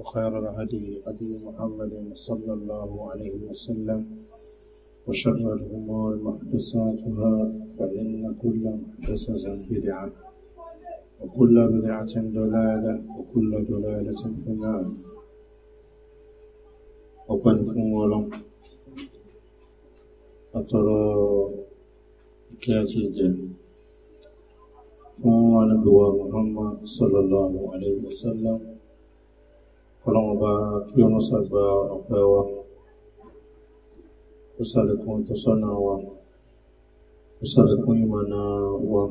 وخير الهدي هدي محمد صلى الله عليه وسلم وشر الأمور محدثاتها فإن كل محدثة بدعة وكل بدعة دلاله وكل دلاله في النار وقد فولم أترى كاتجة فوانا بوا محمد صلى الله عليه وسلم ọlọ́run bá kí ọmọ sàgbà ọ̀pẹ́ wa ó sàlékún ìtọ́sọ́nà wa ó sàlékún ìmọ̀nà wa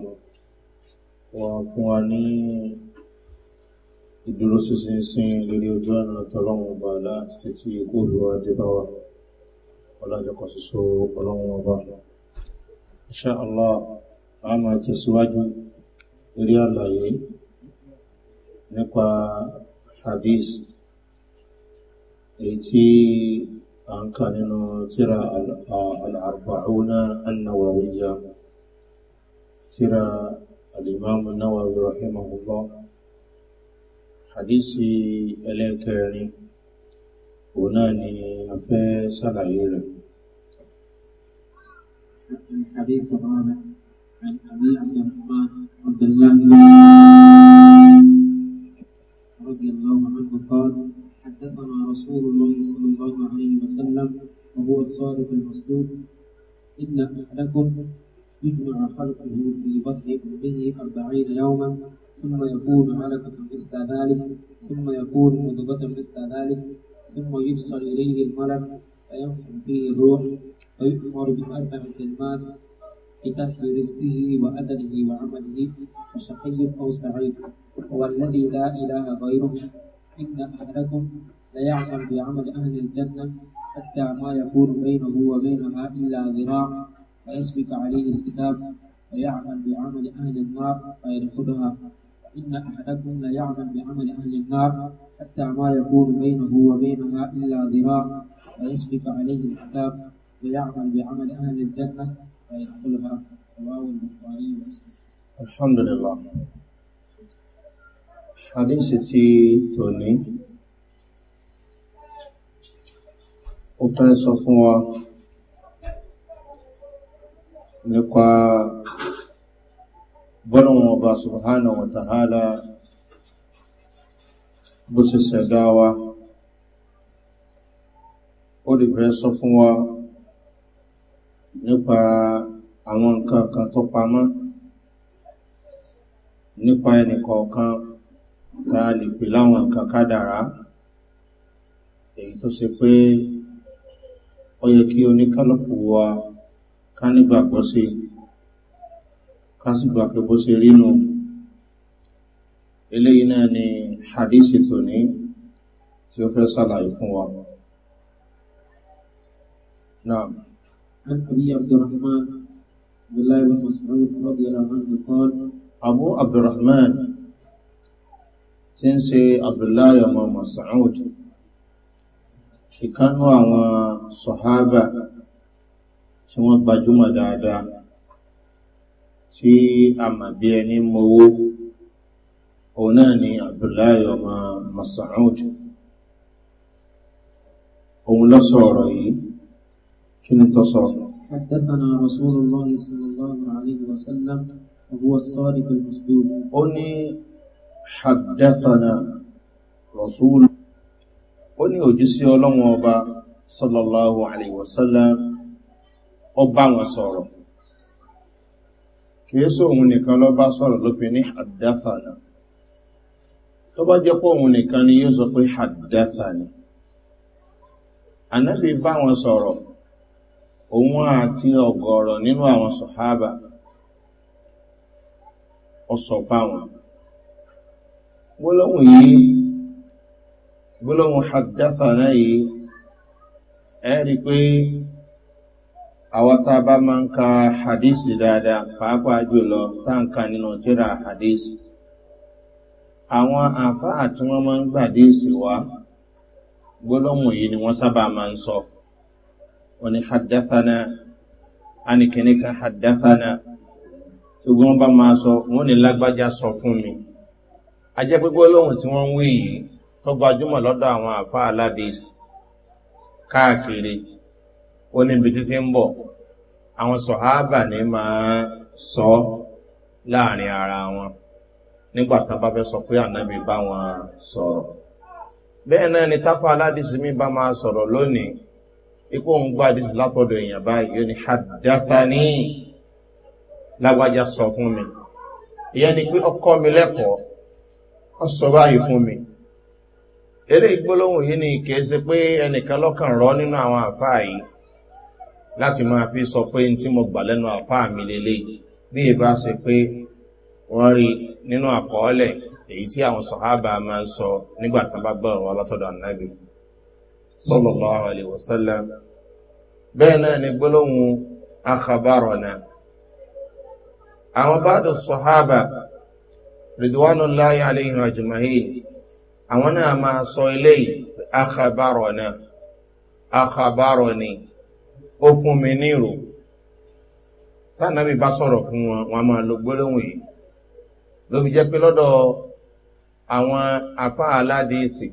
wa fún wa ní ìdúró sísin sin lórí ojú ọ̀nà tọ́lọ́run ọba láti títí ikú olúwa débáwa ọlájọkọ̀ ṣoṣo ọlọ́run ọba insha Allah a máa tẹ̀síwájú lórí àlàyé nípa hadith èyí tí a ń kà nínú tíra al-arba'un an-nawawiyya tíra al-imam an-nawawi rahimahullah hadisi ẹlẹ́kẹrin òun náà ni a fẹ́ sàlàyé rẹ̀ حديث الرابع عن أبي عبد الرحمن عبد الله رضي الله عنه قال حدثنا رسول الله صلى الله عليه وسلم وهو الصادق المصدوق إن أحدكم يجمع خلقه في بطن أمه أربعين يوما ثم يكون علقة مثل ذلك ثم يكون مضغة مثل ذلك ثم يبصر إليه الملك فينفخ فيه الروح فيؤمر بأربع كلمات بكسب رزقه وأدله وعمله فشقي أو سعيد هو الذي لا إله غيره إن أحدكم ليعمل بعمل أهل الجنة حتى ما يكون بينه وبينها إلا ذراع فيسبق عليه الكتاب ويعمل بعمل أهل النار فيدخلها وإن أحدكم ليعمل بعمل أهل النار حتى ما يكون بينه وبينها إلا ذراع فيسبق عليه الكتاب ويعمل بعمل أهل الجنة فيدخلها رواه البخاري ومسلم الحمد لله hadisi ti tòní ó fẹ́ sọ fún wa nípa bọ́lọ̀wọ̀n ọba subhanahu wa bó ti sẹ̀dá wa ó lè fẹ́ sọ fún wa nípa àwọn nǹkan kan tó pamọ́ nípa ẹnìkọ̀ọ̀kan tá a lè pè láwọn nǹkan kádàrá èyí tó ṣe pé ó yẹ kí oníkálùkù wa ká nígbàgbọ́ sí ká sì gbà pé bó ṣe rínú eléyìí náà ni hadisi tòní tí ó fẹ́ sàlàyé fún wa نعم عن أبي عبد الرحمن بن الله tí ń ṣe abdullahi ọmọ masoud ìkánú àwọn sọ̀hábà tí wọ́n gbajúmọ̀ dáadáa tí a mà bí ẹni mowó òun náà ni abdullahi ọmọ masoud òun lọ sọ̀rọ̀ yìí kí ni tó sọ̀rọ̀ حدثنا رسول الله صلى الله عليه وسلم وهو الصادق المصدوق. haddathana rasul ó ní òjísí ọlọ́wọ́n ọba sallallahu alaihi wasallam ó bá wọn sọ̀rọ̀ kìí sọ òun nìkan lọ bá sọ̀rọ̀ lópin ní haddathana òun àti nínú àwọn fáwọn gbólóhùn yìí gbólóhùn haddathana yìí ẹ̀rí pé àwọn tá a bá máa ń ka hadisi dáadáa pàápàá jùlọ táǹkà nínú tíra hadisi àwọn àfáà tí wọ́n máa ń gbàdísì wá gbólóhùn yìí ni wọ́n sábà máa ń sọ wọ́n ni haddathana anìkìníkà haddathana tí bá máa sọ wọ́n ni lágbájá sọ fún mi ajẹ́ pé gbólóhùn tí wọ́n ń wí yìí tó gbajúmọ̀ lọ́dọ̀ àwọn àfa aládìs káàkiri ó níbi títí ń bọ̀ àwọn sọ̀hábà ní máa sọ láàrin ara wọn nígbà tá bá fẹ́ sọ pé ànábì bá wọn sọrọ. bẹ́ẹ̀ náà ni tápá aládìs mi bá máa sọ̀rọ̀ lónìí ikú òun gbádìs látọ̀dọ̀ èèyàn báyìí yóò ní hadathani lágbájá sọ fún mi ìyẹn ni pé ọkọ mi lẹ́kọ̀ọ́ ọsọ báyìí fún mi eré ìgbólóhùn yìí ni kìí ṣe pé ẹnìkan lọ́kàn rọ nínú àwọn àfáà yìí láti máa fi sọ pé tí mo gbà lẹ́nu àfáà mi lélẹ̀ bí ìbá ṣe pé wọ́n rí nínú àkọọ́lẹ̀ èyí tí àwọn sọ̀hábà máa ń sọ nígbà tí wọ́n bá gbọ́ ọ̀rọ̀ ànábì sọ́lọ́lọ́ àlè bẹ́ẹ̀ náà ni gbólóhùn akabárọ̀nà àwọn bá dùn sọ̀hábà ridwanullahi alayhi ajma'in àwọn náà máa sọ eléyìí akhabaro náà akhabaro ni ó fún mi ní ìrò tánàbí bá sọ̀rọ̀ fún wọn wọn máa lo gbólóhùn yìí ló fi jẹ́ pé lọ́dọ̀ àwọn afá aládìísì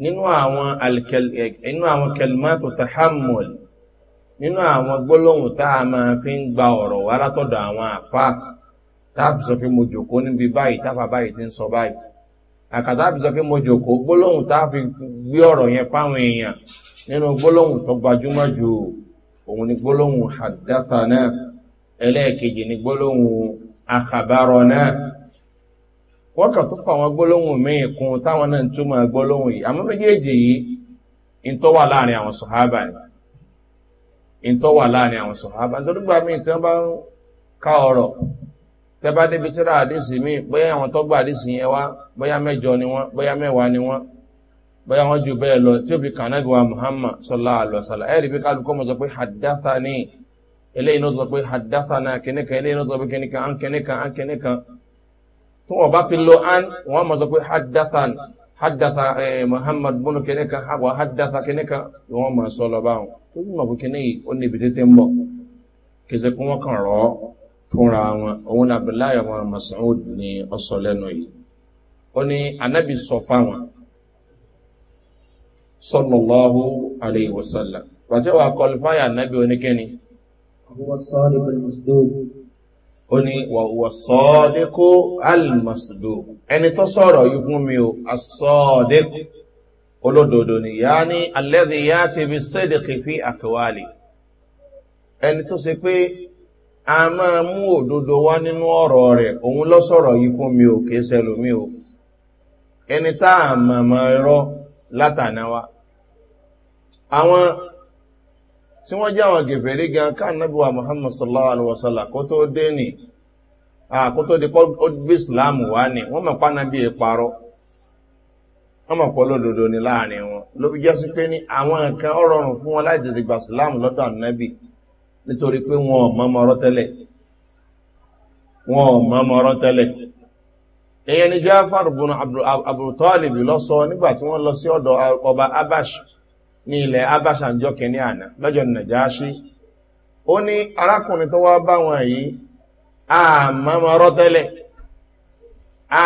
nínú àwọn inú àwọn kẹlmátò tahammul nínú àwọn gbólóhùn tá a máa fi ń gba ọ̀rọ̀ wá látọ̀dọ̀ àwọn afá táàbì sọ pé mo jòkó níbi báyìí táfà báyìí ti ń sọ báyìí àkàtàbì sọ pé mo jòkó gbólóhùn táàfi gbé ọ̀rọ̀ yẹn fáwọn èèyàn nínú gbólóhùn tó gbajúmọ̀ jù òun ni gbólóhùn àdáta náà ẹlẹ́ẹ̀kejì ni gbólóhùn àkàbárọ̀ náà wọ́n kà tó fà wọn gbólóhùn míì kún táwọn náà ń túmọ̀ gbólóhùn yìí àmọ́ méjèèjì yìí ń tọ́ wà láàrin àwọn sọ̀hábà ni ń tọ́ wà láàrin àwọn sọ̀hábà nítorí gbà míì tí wọ́n bá ń ká ọ̀rọ̀ tẹ́bá débi tíra àdísì míì bóyá àwọn tó gbà àdísì yẹn wá bóyá mẹ́jọ ni wọ́n bóyá mẹ́wàá ni wọ́n bóyá wọ́n ju bẹ́ẹ̀ lọ tí ó fi kàn náà wà muhammad sọlá àlọ́sàlá ẹ̀rí bí kálukọ́ mọ̀ sọ pé hadatha ni? eléyìí ló sọ pé hadatha náà kìnìkan eléyìí ló sọ pé kìnìkan án kìnìkan án kìnìkan tí wọ́n bá ti lo án wọ́n mọ̀ sọ pé hadatha hadatha muhammad bunu kìnìkan wà hadatha kìnìkan wọ́n mọ̀ sọ lọ báwọn tó yìí mọ̀ pé kìnìyí ó níbi títí ń bọ̀ fúnra wọn òun abdullahi ọmọ masoud ni ọ sọ lẹnu yìí ó ní anabi sọ fáwọn sọlọlọhu alayhi wa sallam pàṣẹ wa kọlifáyà anabi oníkẹni. ó ní wà wà sọọdẹkọ alimasudu ẹni tó sọrọ yìí fún mi o asọọdẹkọ olódodo ni yá ní alẹ́ di yá ti fi sédèkì fi àkẹwàlì ẹni tó ṣe pé. a máa mú òdodo wá nínú ọ̀rọ̀ rẹ̀ òun lọ sọ̀rọ̀ yìí fún mi ò o ẹni tá àmàmà ẹ̀rọ látànáwá àwọn tí wọ́n jẹ́ àwọn gẹ̀fẹ̀rí gan káànábíwá muhammad sallallahu alaihi wasallà kó tó dé ní àkótó di kó gbé islam wá ní wọ́n mọ̀ pánábí wọ́n mọ̀ pọ̀ lódodo ní láàrin wọn ló fi jẹ́ sí pé ní àwọn nǹkan ọ̀rọ̀rùn fún wọn láì tètè islam nítorí pé wọn ọ̀mọ́mọ́rọ́ tẹ́lẹ̀ wọn ọ̀mọ́mọ́rọ́ tẹ́lẹ̀ èyàn ni jáfàr bùn àbùtọ́ọ̀lìbì lọ sọ nígbà tí wọ́n lọ sí ọ̀dọ̀ ọba abash ní ilẹ̀ abash àjọ kìíní àná lọ́jọ́ nàjáṣí ó ní arákùnrin tó wá bá wọn yìí àmọ́mọ́rọ́ tẹ́lẹ̀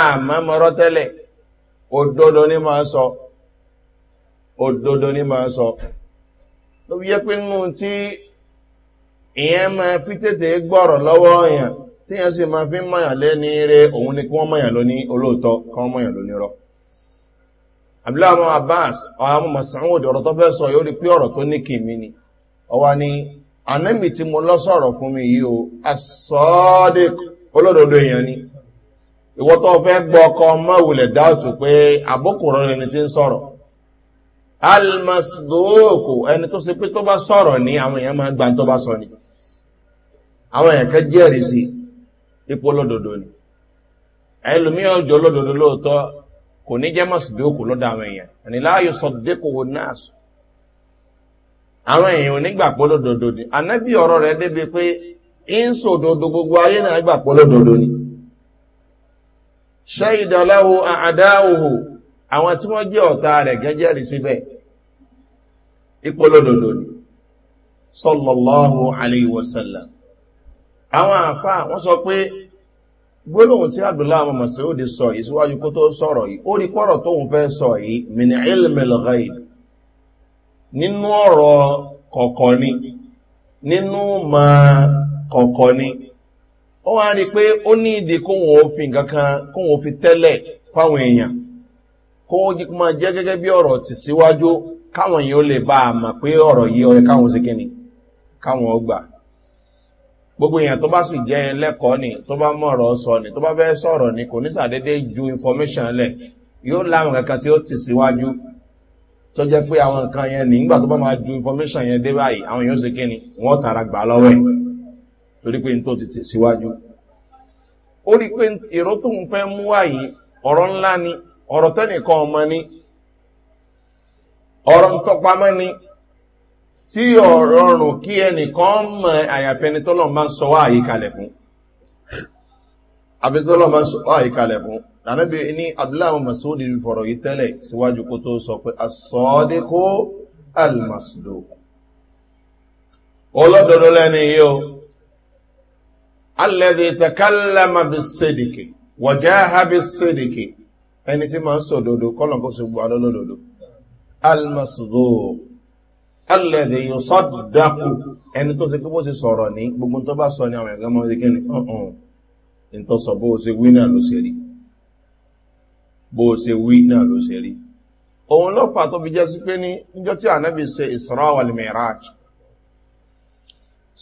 àmọ́mọ́rọ́ tẹ́lẹ̀ òdodo n'i máa sọ òdodo n'i máa sọ ló yẹ pé nínú tí ìyẹn ma fi tètè gbọ́rọ̀ lọ́wọ́ èèyàn tí yẹn sì ma fi mọ̀yàn ní rẹ òun ni kí wọ́n mọ̀yàn lóní olóòótọ́ kí wọ́n mọ̀yàn lóní rọ. abdullahi ahmed abbas ọ̀hún masoud ọ̀rọ̀ tó fẹ́ sọ yóò rí pé ọ̀rọ̀ tó ní kìmí ni ni tí mo lọ sọ̀rọ̀ fún mi yìí o asọ́ọ́dẹ olódodo èèyàn ni ìwọ́tọ̀ fẹ́ gbọ́ ọkọ̀ dáàtù pé àbókù ni ti ń almasdooko ẹni tó se pé tó bá sọ̀rọ̀ ní àwọn èèyàn máa gba tó bá sọ ni àwọn èèyàn kan jẹ́rìí sí ipò lódodo ni ẹlòmíyàn ọjọ́ lódodo lóòótọ́ kò ní jẹ́ masdooko lọ́dọ̀ àwọn èèyàn ẹni láàyò sọ̀dẹ́kò wo náà sọ àwọn èèyàn ò ní gbà pé lódodo ni anábì ọ̀rọ̀ rẹ̀ débi pé ń sòdodo gbogbo ayé náà gbà pé lódodo ni ṣe ìdàláwo àdáwòhò àwọn tí wọ́n jẹ́ ọ̀ta rẹ̀ gẹ́jẹ́ rí síbẹ̀ ìpolódòdò ni sọlọ̀lọ́hù aléwòsànlá àwọn àfá wọ́n sọ pé gbólóhùn tí abdullahi ọmọ di sọ yìí síwájú kó tó sọ̀rọ̀ yìí ó rí kọ́rọ̀ tóun fẹ́ sọ yìí mini ilmilghaid nínú ọ̀rọ̀ kọ̀kọ́ ni nínú ma kọ̀kọ́ ni ó wá rí pé ó ní ìdí kóhun òfin kankan kóhun kó máa jẹ́ gẹ́gẹ́ bí ọ̀rọ̀ ti síwájú káwọn yìí ó lè bá a mọ̀ pé ọ̀rọ̀ yìí ọ̀rẹ́ káwọn sí kíni káwọn ọgbà gbogbo èèyàn tó bá sì jẹ́ lẹ́kọ̀ọ́ ni tó bá mọ̀rọ̀ sọ ni tó bá fẹ́ sọ̀rọ̀ ni kò ní sàdédé ju information lẹ̀ yóò láwọn kankan tí ó tì síwájú tó jẹ́ pé àwọn nǹkan yẹn nígbà tó bá máa ju information yẹn dé báyìí àwọn yóò sì kíni wọ́n tara gbà lọ́wọ́ ẹ̀ torí pé n tó ti tì síwájú ó rí i pé èrò tóun fẹ́ mú wáyìí ọ̀rọ̀ ńlá ni ọ̀rọ̀ tẹ́nìkan ọmọ ní ọ̀rọ̀ tọpamọ́ ní tí ọ̀rọ̀ rùn kí ẹnìkan mọ̀ àyàfẹ́ni tọ́lọ̀ máa ń sọ wá àyíkalẹ̀ fún àfẹ́tọ́lọ̀ máa ń sọ wá àyíkalẹ̀ fún lànàbí ní abdullahi masoud fọ̀rọ̀ yìí tẹ́lẹ̀ síwájú kó tó sọ pé asọ́ọ́dẹ́kó almasdoku olódodo lẹ́ni yìí o alẹ́dẹ̀ẹ́tẹ̀kálàmà bí sẹ́dìkì wọ̀já bí sẹ́dìkì ẹni tí máa ń sọ òdòdó kọ́lọ̀kọ́ sí gbọ́ alólòdòdó almasugo alẹ́dẹ̀ yóò sọ́dọ̀dákù ẹni tó ṣe kí bó ṣe sọ̀rọ̀ ní gbogbo tó bá sọ ní àwọn ẹ̀gbẹ́ mọ́ sí kí ni ọ̀hún ní tó sọ bó ṣe wí náà ló ṣe rí bó ṣe wí náà ló ṣe rí òun ló fà tó fi jẹ́ sí pé ní níjọ́ tí ànábì ṣe ìsọ̀rọ̀wàlì mìíràn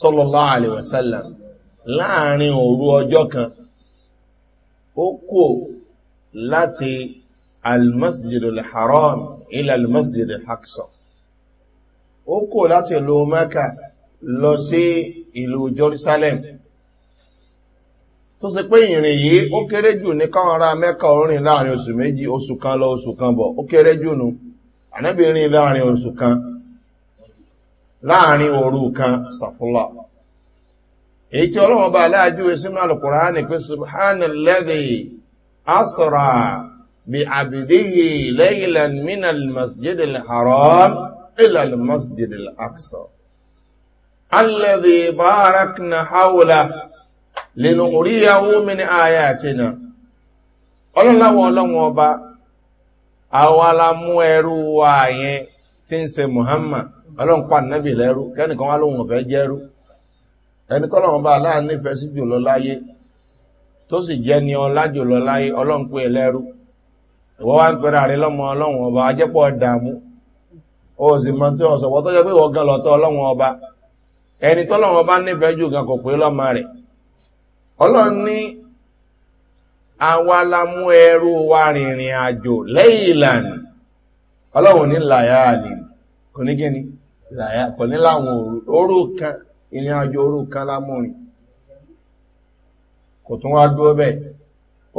sọ́lọ́lá láti almasjidul haram ilẹ̀ almasjidul haqsa ó kò láti ìlú mẹ́ka lọ sí ìlú jerusalem tó se pé ìrìn yìí ó kéré jù ní káwọn ará mẹ́ka orin láàrin oṣù méjì oṣù kan lọ oṣù kan bọ̀ ó kéré jù nù ànábìnrin láàrin oṣù kan láàrin òru kan sàfúnlá èyí tí ọlọ́wọ́n bá aláàjú esínú alùkùránì pé subhanallah asra bi'abdihi laylan minal masjidil haram ila al masjidil aqsa alladhi barakna hawla linuriyahu min ayatina ọlọ́láwọ̀ ọlọ́wọ̀ ọba àwọn alamú ẹrú wa yẹn tí ń se muhammad ọlọ́npàá nábì lẹ́rú kẹ́nìkan wá lóhun ọ̀fẹ́ jẹ́rú ọba sí jùlọ tó sì jẹ́ ni ọlájòlọ láyé ọlọ́npẹ́ ẹlẹ́rú ìwọ́ wá ń pẹ̀rẹ̀ àrí lọ́mọ ọlọ́run ọba ajẹ́pọ̀ dàmú o sì mọ tí ọ̀sọ̀ wọ́n tó jẹ́ pé wọ́n gan lọ́tọ́ ọlọ́run ọba ẹni tọ́lọ́run ọba nífẹ̀ẹ́ jù gan kò pé lọ́mọ rẹ̀ ọlọ́run ní àwa kò tún wá dúó bẹ́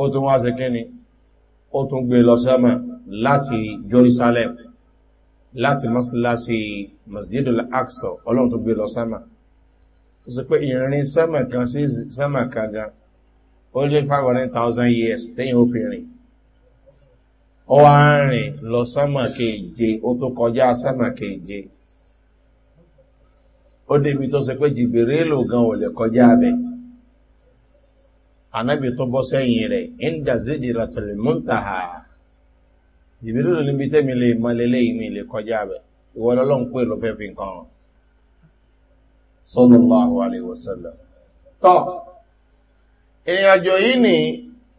ó tún wá sí kíni ó tún gbé lọ sẹ́mà láti jerusalem láti mọ́síláṣí masjid al-aqsa ọlọ́run tó gbé lọ sẹ́mà tó sì pé ìrìn sẹ́mà kan sí sẹ́mà kan gan ó lé 500,000 years tẹ́yìn ó fi rìn ó wá ń rìn lọ sẹ́mà keje ó tó kọjá sẹ́mà keje ó débi tó sì pé jìbìrì lò gan ò lè kọjá bẹ́ẹ̀ anabi tó bọ́ sẹ́yìn rẹ̀ inda zidira talimuntaha ìbílẹ̀ níbi tẹ́mi lè mọ lélẹ́yìn mi lè kọjá rẹ̀ ìwọ lọ́lọ́run pé ló fi nǹkan hàn sallallahu alayhi wa sallam tọ́ ìrìn àjò yìí ni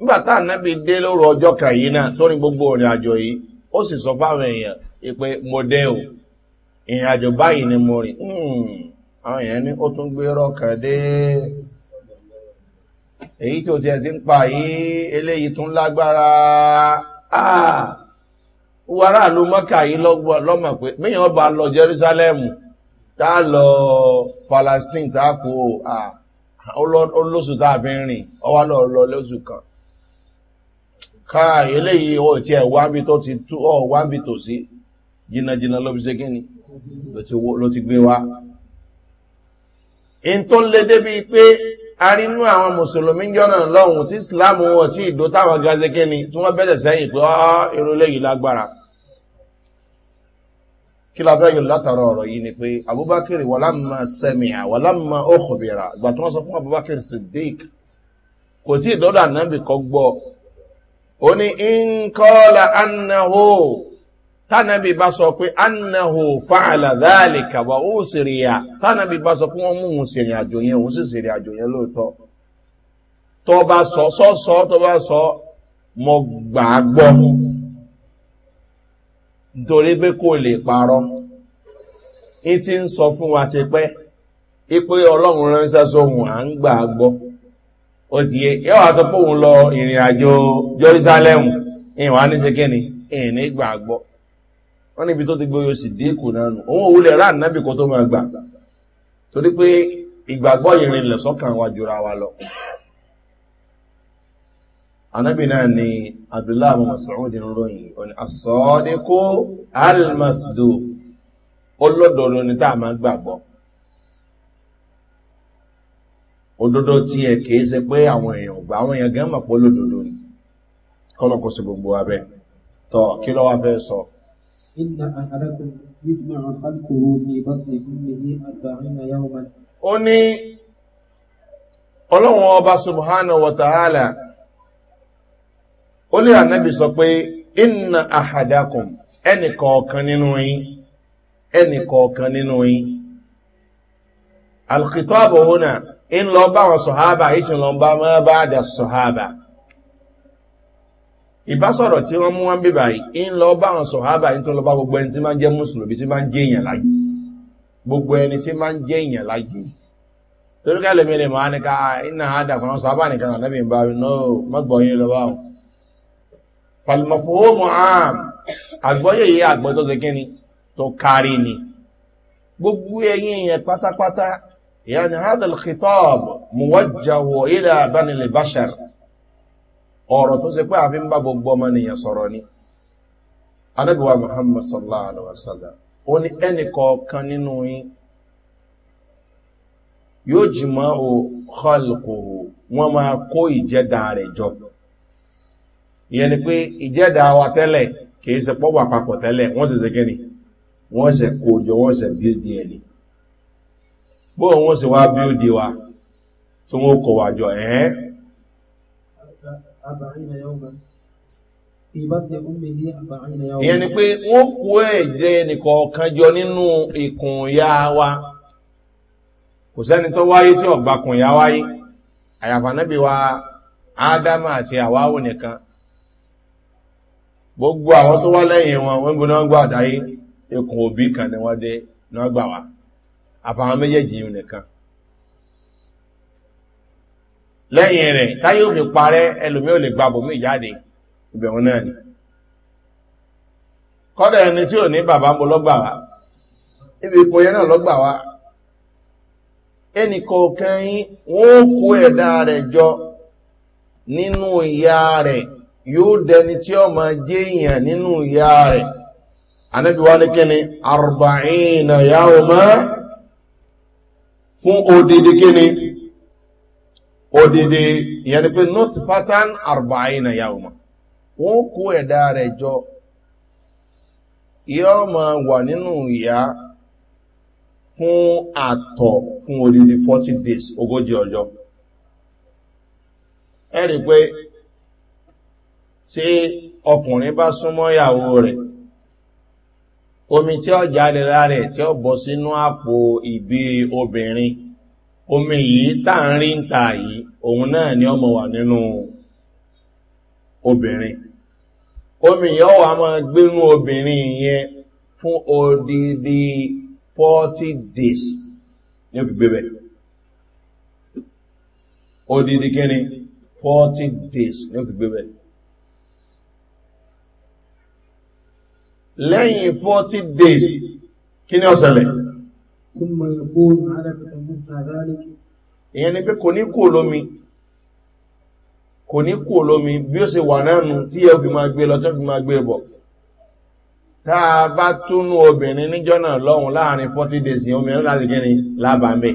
nígbà tá ànábì dé lóru ọjọ́ kan yìí náà gbogbo ìrìn àjò yìí ó sì sọ fáwọn èèyàn ìpè o ìrìn àjò báyìí ni mo rìn hmm. àwọn èyí tí ó ti ẹ̀ ti ń pa yìí eléyìí tún lágbára àà wàrà ló mọ́kà yìí lọ́mọ̀ pé míyàn ọba lọ jerusalem tá lọ palestine tá kó olóṣù ah, tá fi ń rìn ọwá lọ lọ lóṣù kan ká eléyìí ó ti ẹ̀ wábi tó ti tú ọ wábi tó sí jìnnàjìnnà ló fi ṣe kíni ló ti gbé wá in tó lé débi pé a rí inú àwọn mùsùlùmí jọ́nà lọ́hùn tí islam wọn tí ìdó táwọn gazeke ni tí wọ́n bẹ̀rẹ̀ sẹ́yìn pé ọ́ irú léyìí lágbára kí la fẹ́ yọ látara ọ̀rọ̀ yìí ni pé abubakar wàlámà sẹ́mìà wàlámà òkùnbìrà ìgbà tánàbí bá sọ pe annahu fa'ala dhalika wa ó sèrìyà tánàbí bá sọ pe wọ́n mú òun sèrìn àjò yẹn òun sì sèrìn àjò yẹn sọ sọ nítorí pé kò lè ti ń sọ fún wa ti pẹ́ ipe ọlọ́run ránṣẹ́ sóhun à ń gbàgbọ́ ó ti yẹ wàá pé òun lọ ìrìn àjò jerusalem ìwà ní wọ́n níbi tó ti gbé yóò sì dínkù náà nù òun òwúlẹ̀ rà nábì kan tó máa gbà torí pé ìgbàgbọ́ ìrìnlẹ̀ sọ́kàn wa jura wa lọ anábì náà ni abdullahi abu masaudi ròyìn òní asọ́ọ́dẹ́kó almasdo olódodo ni tá a máa gbàgbọ́ òdodo tí ẹ kìí ṣe pé àwọn èèyàn ò gbà àwọn èèyàn gẹ́mọ̀ pé olódodo ni kọ́lọ́kọ́ sí gbogbo abẹ́ tọ́ kí lọ́wọ́ fẹ́ sọ so inna ahadakum yujma'u khalquhu fi batni ummihi arba'ina yawman. ó ní ọlọ́run ọba subhanahu wa ta'ala ó lè ànábì sọ pé inna ahadakum ẹnì kọ̀ọ̀kan nínú yín ẹnì kọ̀ọ̀kan nínú yín alkitọ́bù húnà ń lọ bá wọn sọ̀hábà ìṣìnlọ́mbà mọ́ bá dà sọ̀hábà ìbásọ̀rọ̀ tí wọ́n mú wọn bíbà yìí ń lọ bá àwọn sọ̀hábà yìí tó lọ bá gbogbo ẹni tí máa ń jẹ́ mùsùlùmí tí máa ń jẹ́ èèyàn láyé gbogbo ẹni tí máa ń jẹ́ èèyàn láyé torí ká lèmi lè máa ní ká iná àdà fún àwọn sọ̀hábà nìkan náà lẹ́mìí bá iná mọ́gbọ̀nyé lọ bá wọn. fàlùmọ̀fowómọ̀ àm àgbọ́yé yìí àgbọ̀ tó ṣe kí ni tó kárí ni gbogbo ẹyin èèyàn pátápátá ìyá ni hadal khitab muwajjawo ilẹ̀ abanilẹ̀ ọ̀rọ̀ tó se pé àfi ń bá gbogbo ọmọ nìyàn sọ̀rọ̀ ni anábíwá muhammad sallallahu alaihi wasallam ó ní ẹnì kọ̀ọ̀kan nínú yín yóò jì mọ́ o máa kó rẹ̀ jọ ìyẹn ni pé ìjẹ́dà wa tẹ́lẹ̀ kìí se pọ́ wà tẹ́lẹ̀ wọ́n sì se kíni wọ́n sì kó jọ wọ́n sì bí di ẹni bóun wọ́n sì wá bí ó di wa tí wọ́n kọ̀ wájọ ẹ̀ẹ́ أربعين يوما في بطن أمه أربعين يوما يعني pé nínú wa tó wáyé tí ọ̀gbà kùn wáyé àyàfà náà wa ádámà àti àwáwò nìkan gbogbo àwọn tó wá lẹ́yìn wọn wọ́n gbóná gbà dáyé ikùn òbí kan ni wọ́n dé náà gbà wá àfàwọn méjèèjì nìkan lẹ́yìn rẹ̀ táyé òfin parẹ́ ẹlòmí ò lè gba bòmí ìjáde ìbẹ̀rún náà ni kọ́dẹ̀ ẹni tí ò ní bàbá mo lọ́gbà wá ibi ipò yẹn náà lọ́gbà wá ẹnì kọ̀ọ̀kan wọ́n kó ẹ̀dá rẹ̀ jọ nínú ìyá rẹ̀ yóò tí ó máa jẹ́ èèyàn nínú ìyá rẹ̀ anábíwá ní kíni fún odidi kíni odidi ìyẹn ni pé north pattern arbaí na yaoma wọ́n kó ẹ̀dá rẹ̀ jọ ìyá ọmọ wà nínú ìyá fún àtọ̀ odidi 40 days ogójì ọjọ́ ẹ̀rì pé tí ọkùnrin bá súnmọ́ ìyàwó re omi ti o jáde lára ti o bo bọ̀ sínú àpò ìbí obìnrin omi yìí táàrin ń ta yìí òun náà ni ọmọ wà nínú obìnrin omi yìí ọwà máa gbénú obìnrin yẹn fún odidi 40 days ní òfin gbébẹ̀ odidi kíni 40 days ní òfin gbébẹ̀ lẹ́yìn 40 days kíni ọ̀sẹ̀lẹ̀ ثم يكون علقة مثل ذلك ìyẹn ni pé kò ní kú olómi kò ní kú olómi bí ó se wà nánu tí ẹ fi máa gbé lọ tó fi máa gbé bọ̀ táa bá túnú obìnrin níjọ́ náà lọ́hun láàrin 40 days ní omi láti gẹ́rin lábàmẹ́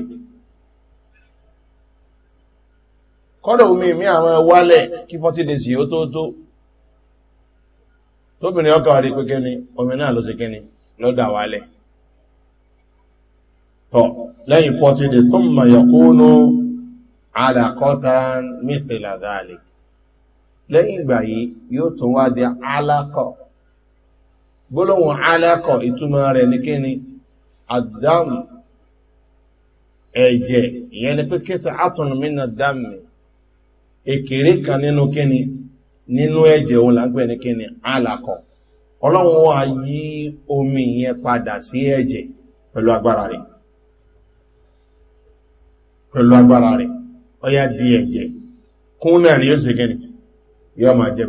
kọ́dọ̀ omi mi àwọn wálẹ̀ kí 40 days yóò tó tó tóbìnrin ọkọ̀ rí pé kẹ́ni omi náà ló se kẹ́ni lọ́dà wálẹ̀ tọ́ lẹ́yìn fọ́tí dé tó mọ̀ yẹ̀kúnú alákọ́ta mítìlá dáàlì lẹ́yìn ìgbà yìí yóò wá di alákọ̀ gbólóhùn alákọ̀ ìtumọ̀ rẹ̀ ní kíni adam ẹ̀jẹ̀ ìyẹn ni pé kíta átùnmínà dámì èkèrè kan nínú kíni nínú ẹ̀jẹ̀ òun lágbẹ̀ ní alákọ̀ ọlọ́run yí omi padà sí ẹ̀jẹ̀ pẹ̀lú agbára rẹ̀ pẹ̀lú agbára rẹ̀ ọya di ẹ̀jẹ̀ kún náà rí ó sì gẹ́ni yọ máa jẹ́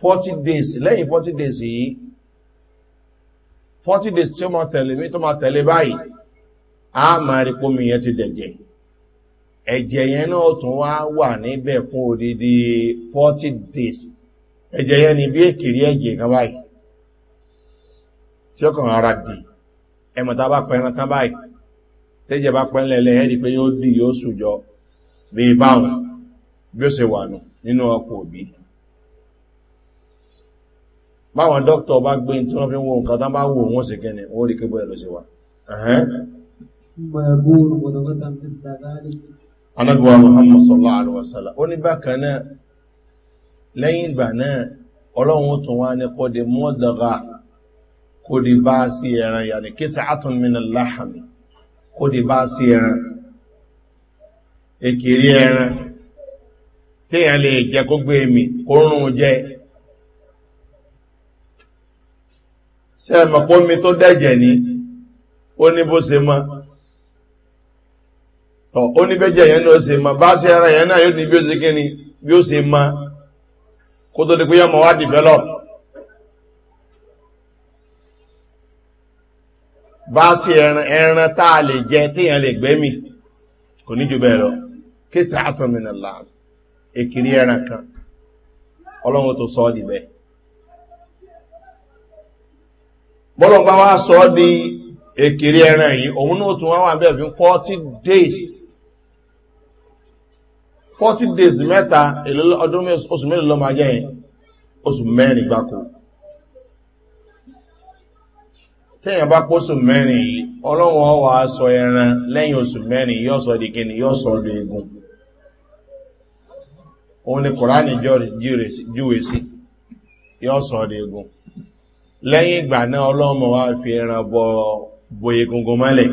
40 days lẹ́yìn 40 days yìí 40 days tí ó máa tẹ̀lé mi tó máa tẹ̀lé báyìí a máa rí pómi yẹn ti dẹ̀jẹ̀ ẹ̀jẹ̀ yẹn náà tún wá wà níbẹ̀ fún odidi 40 days ẹ̀jẹ̀ yẹn ni bí èkìrí ẹ̀jẹ̀ kan báyìí tí ó kàn ara dì ẹmọ̀ta bá pẹran tán báyìí tẹ́jẹ̀ bá pẹ́ lẹ́lẹ́ ẹ́dì pé yóò dì yóò sùjọ bí báhùn bí ó se wà nù nínú ọkọ̀ òbí báwọn dọ́kítọ̀ bá gbé tí wọ́n fi wo nǹkan tán bá wò wọ́n sì kẹ́ni wọ́n rí kébọ́ ẹ̀ ló se wà anábíwá muhammad sallallahu alaihi wasallam ó ní bákan náà lẹ́yìn ìgbà náà ọlọ́run tún wá ní kọ́ de mọ́dàgà kó di bá sí ẹran yàní kíta átún mìnà láhàmì kó di bá sí ẹran èkìrí ẹran tí èyàn lè jẹ kó gbé mi kó rún jẹ sẹ́ẹ̀mọ̀ kó mi tó dẹ̀jẹ̀ ní ó ní bó se mọ́ tọ̀ ó ní bẹ́jẹ̀ yẹn ní ó se mọ́ bá sí ẹran yẹn náà yóò ní bí ó se kí ni bí ó se mọ́ kó tó di pé yọmọ wá dìfẹ́lọ́pù bá sí ẹran ẹran táà lè jẹ tíyàn lè gbẹ́mì kò ní jù bẹ́ẹ̀ lọ kíta àtọ̀mìnà láàrín èkìrí ẹran kan ọlọ́run tó sọ́ dìbẹ̀ bọ́lọ̀pá wá sọ́ di èkìrí ẹran yìí òun náà tún wá wà bẹ́ẹ̀ fún 40 days 40 days mẹ́ta ọdún mẹ́rin lọ́mọ ajẹ́yìn oṣù mẹ́rin gbáko tẹ́yàn bá kóṣù mẹ́rin yìí ọlọ́wọ́ wà sọ ẹran lẹ́yìn oṣù mẹ́rin yóò sọ di kíni yóò sọ lè egun òun ni kòránì júwe sí yóò sọ lè egun lẹ́yìn ìgbà náà ọlọ́mọ wá fi ẹran bọ bo egungun mọ́lẹ̀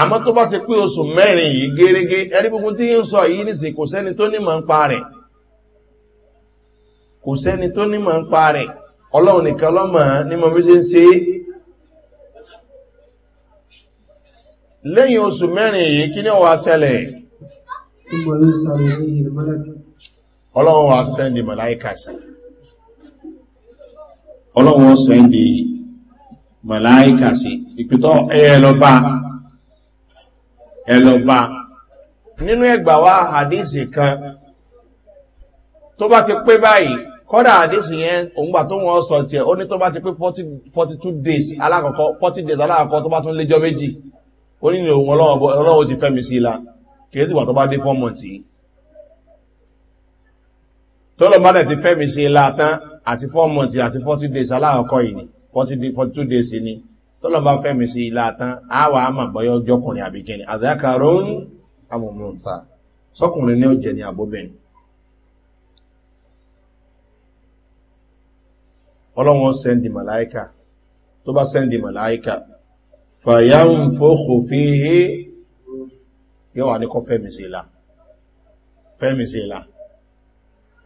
àmọ́ tó bá ti pé oṣù mẹ́rin yìí gẹ́gẹ́ ẹrí gbogbo tí ń sọ yìí nìsín kò sẹ́ni tó ní mọ̀ ń pa rẹ̀ kò sẹ́ni tó ní mọ̀ ń pa rẹ̀ ọlọ́run nìkan lọ́mọ̀ ní mọ̀ bí ṣe ń se lẹ́yìn oṣù mẹ́rin èyí kí ní ọwà sẹ́lẹ̀ ọlọ́run wà sẹ́ndì màláìkàsì ọlọ́run wà sẹ́ndì màláìkàsì ìpìtọ́ ẹlọba ẹlọba nínú ẹgbàwà àdíṣì kan tó bá ti pé báyìí kọ́dà àdísì yẹn òǹgbà tó wọ́n sọ tiẹ̀ ó ní tó bá ti pé forty two days alákọ̀ọ́kọ́ forty days alákọ̀ọ́kọ́ tó bá tún léjọ́ méjì ó ní òun ọlọ́wọ́ ti fẹ́mi sí i la kìí sì wà tó bá dé fọ́ọ̀mù tì í tó lọ́ bá dẹ̀ ti fẹ́mi sí i la tán àti fọ́ọ̀mù tì àti forty days alákọ̀ọ́kọ́ yìí ni forty forty two days ni tó lọ́ bá fẹ́mi sí i la tán á wà á mà bọ́yọ́ ọjọ́kùnrin àbíkẹ́ni àdàkàrún àmọ̀mọ̀ ta sọ́kùnrin ní ọlọ́wọ́n sẹ́ndì màláíkà tó bá sẹ́ndì màláíkà fàyàwùn fóòkò fi hé yóò wà ní kọ́ fẹ́mìsìlá fẹ́mìsìlá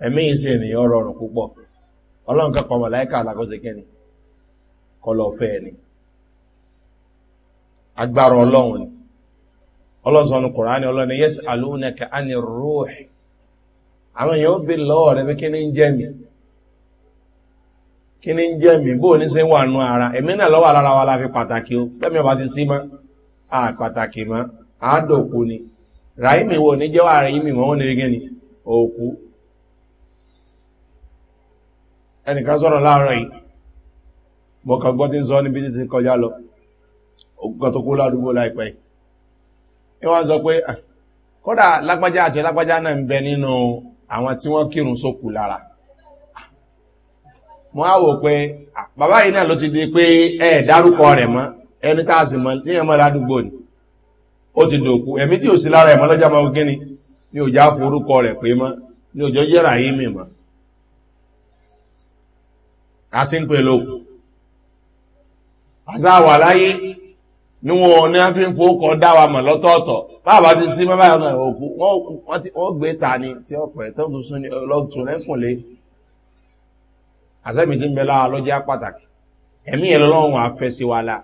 ẹ̀mí ìsìn ènìyàn rọrùn púpọ̀ ọlọ́run pa màláíkà ni àwọn bí kí ní jẹ́ mi bó ní sí wà ara ẹ̀mí náà lọ́wọ́ alára wa láfi pàtàkì o lẹ́mí ọba ti sí ma a pàtàkì a ni ràìmì wo ní jẹ́wọ́ ara yìí mi wọ́n ní gẹ́ ni òkú ẹnìkan sọ̀rọ̀ láàárọ̀ yìí mo kàn gbọ́ tí ń sọ níbi ti kọjá lọ òkúkan tó kú ládùúgbò láìpẹ́ yìí wọ́n sọ pé ah, kódà lágbájá àti lágbájá náà ń bẹ nínú àwọn tí wọ́n kírun mo á wò pé bàbá yìí náà ló ti di pé ẹ dárúkọ rẹ̀ mọ́ ẹni tá a sì mọ ní ẹmọ ni ó ti dòkú ẹ̀mí tí ò sí lára ẹ̀mọ́ lọ́jà máa gíní ní òjá forúkọ rẹ̀ pé mọ́ ní òjò jẹ́ra yìí mì mọ́ a ti ń pè lóko àṣà wà láyé ní dá wa mọ̀ lọ́tọ̀ọ̀tọ̀ báwa ni tí ọ̀pẹ̀ tó tún sún àsẹ́mi ti ń bẹ lára lọ́jọ́ pàtàkì ẹ̀mí ẹ̀ lọ́wọ́n àfẹ́ sí wa la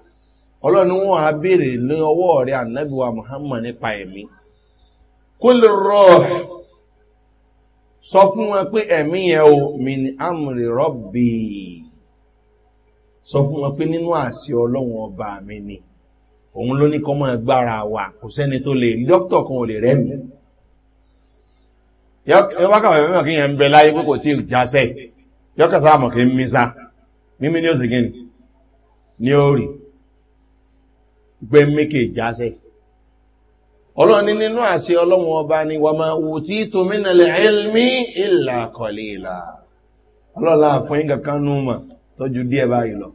ọlọ́run wọn á béèrè ní ọwọ́ rẹ̀ ànábìwá muhammad nípa ẹ̀mí kó lè rọ sọ fún wọn pé ẹ̀mí ẹ̀ o min amri rọ́bì sọ fún wọn pé nínú àṣẹ ọlọ́run ọba mi ni òun ló ní kọ́ mọ́ gbára wà kò sẹ́ni tó lè rí dókítọ̀ kan ò lè rẹ́mi yọ wákàtí mẹ́fà kí yẹn ń bẹ láyé pé kò tí ì jásẹ̀ yọ́kà sáàmù kí ń mísá mímí ní òsì gíní ní orí gbé míkè jásẹ̀ ọlọ́ni nínú àṣẹ ọlọ́run ọba ni wà máa wù tí tó mínàlẹ̀ ilmi ìlà kọ̀lẹ̀ ìlà ọlọ́la fún ìgbà kan númà tọ́jú díẹ̀ báyìí lọ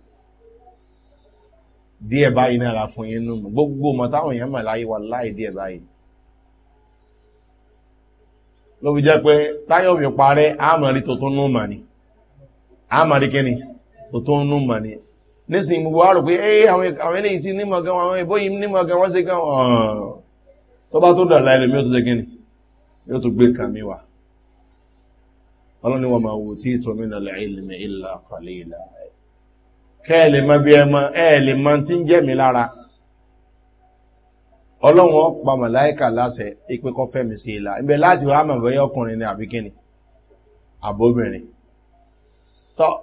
díẹ̀ báyìí náà la fún yín númà gbogbo mọ̀ táwọn èèyàn mà láyé wà láì díẹ̀ báyìí ló fi jẹ́ pé táyọ̀ mi parẹ́ àmọ́rí tuntun númà ni a máa rí kíni tó tó ń nú mà ní nísìnyí gbogbo àrò pé ẹ àwọn eléyìí ti nímọ̀ gan àwọn ìbò yìí nímọ̀ gan wọ́n ṣe gan ọ̀ọ̀n tó bá tó dàlá ẹlòmí ó tó ṣe yóò tó gbé kàmí ọlọ́ni wọn máa wò tí ìtọ́mí náà lè tọ́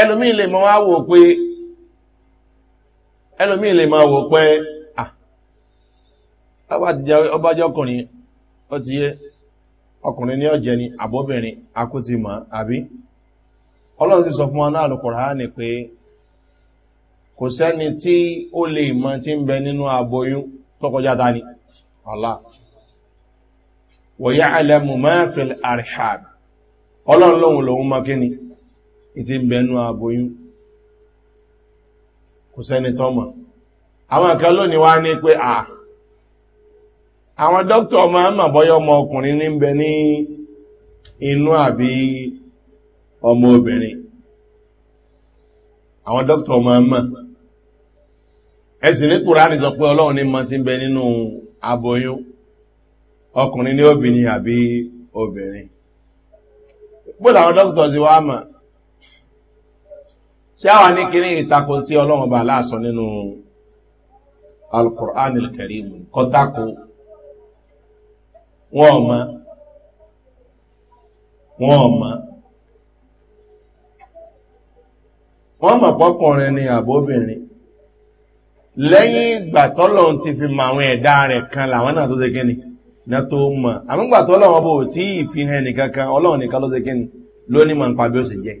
ẹlòmí ilẹ̀ ma wá pé ẹlòmí ilẹ̀ ma wò pé ọkùnrin ó ti yé ọkùnrin ní ni àbọ́bìnrin akúti ma àbí ọlọ́run ti sọ fún wọn náà á ní pé kò sẹ́ni tí ó lè mọ tí ń bẹ nínú aboyún tọkọjá dání ọ̀la wọ̀yá alẹ́mù mẹ́fẹ̀ẹ́ àríhàb ọlọ́run lóhun lòun mọ́ ìtí ń bẹnu àbòyún kò sẹ́ni tọ́mọ̀ àwọn kan lónìí wá ní pé à àwọn dókítà ọmọ àmà bọ́yọ́ ọmọ ọkùnrin ní bẹ ní inú àbí ọmọ obìnrin àwọn dókítà ọmọ àmà ẹ̀sìn ní kùránì sọ pé ọlọ́run ní mọ́ ti ń bẹ nínú àbòyún ọkùnrin ní obìnrin àbí obìnrin bó làwọn dókítà ti wá mọ̀ tí a wà ní kí ní ìtakò tí ọlọ́run bá láàsọ nínú alukur'an kẹrìmù kọtako wọn ọmọ wọn ọmọ wọn mọ̀ pọ́kùnrin ni àbóbìnrin ìgbà ti fi mọ àwọn ẹ̀dá rẹ̀ kan làwọn náà tó ṣe kí ni náà tó mọ̀ àmúgbà tọ́lọ́run bò tí ìfihàn nìkan kan ọlọ́run nìkan ló ṣe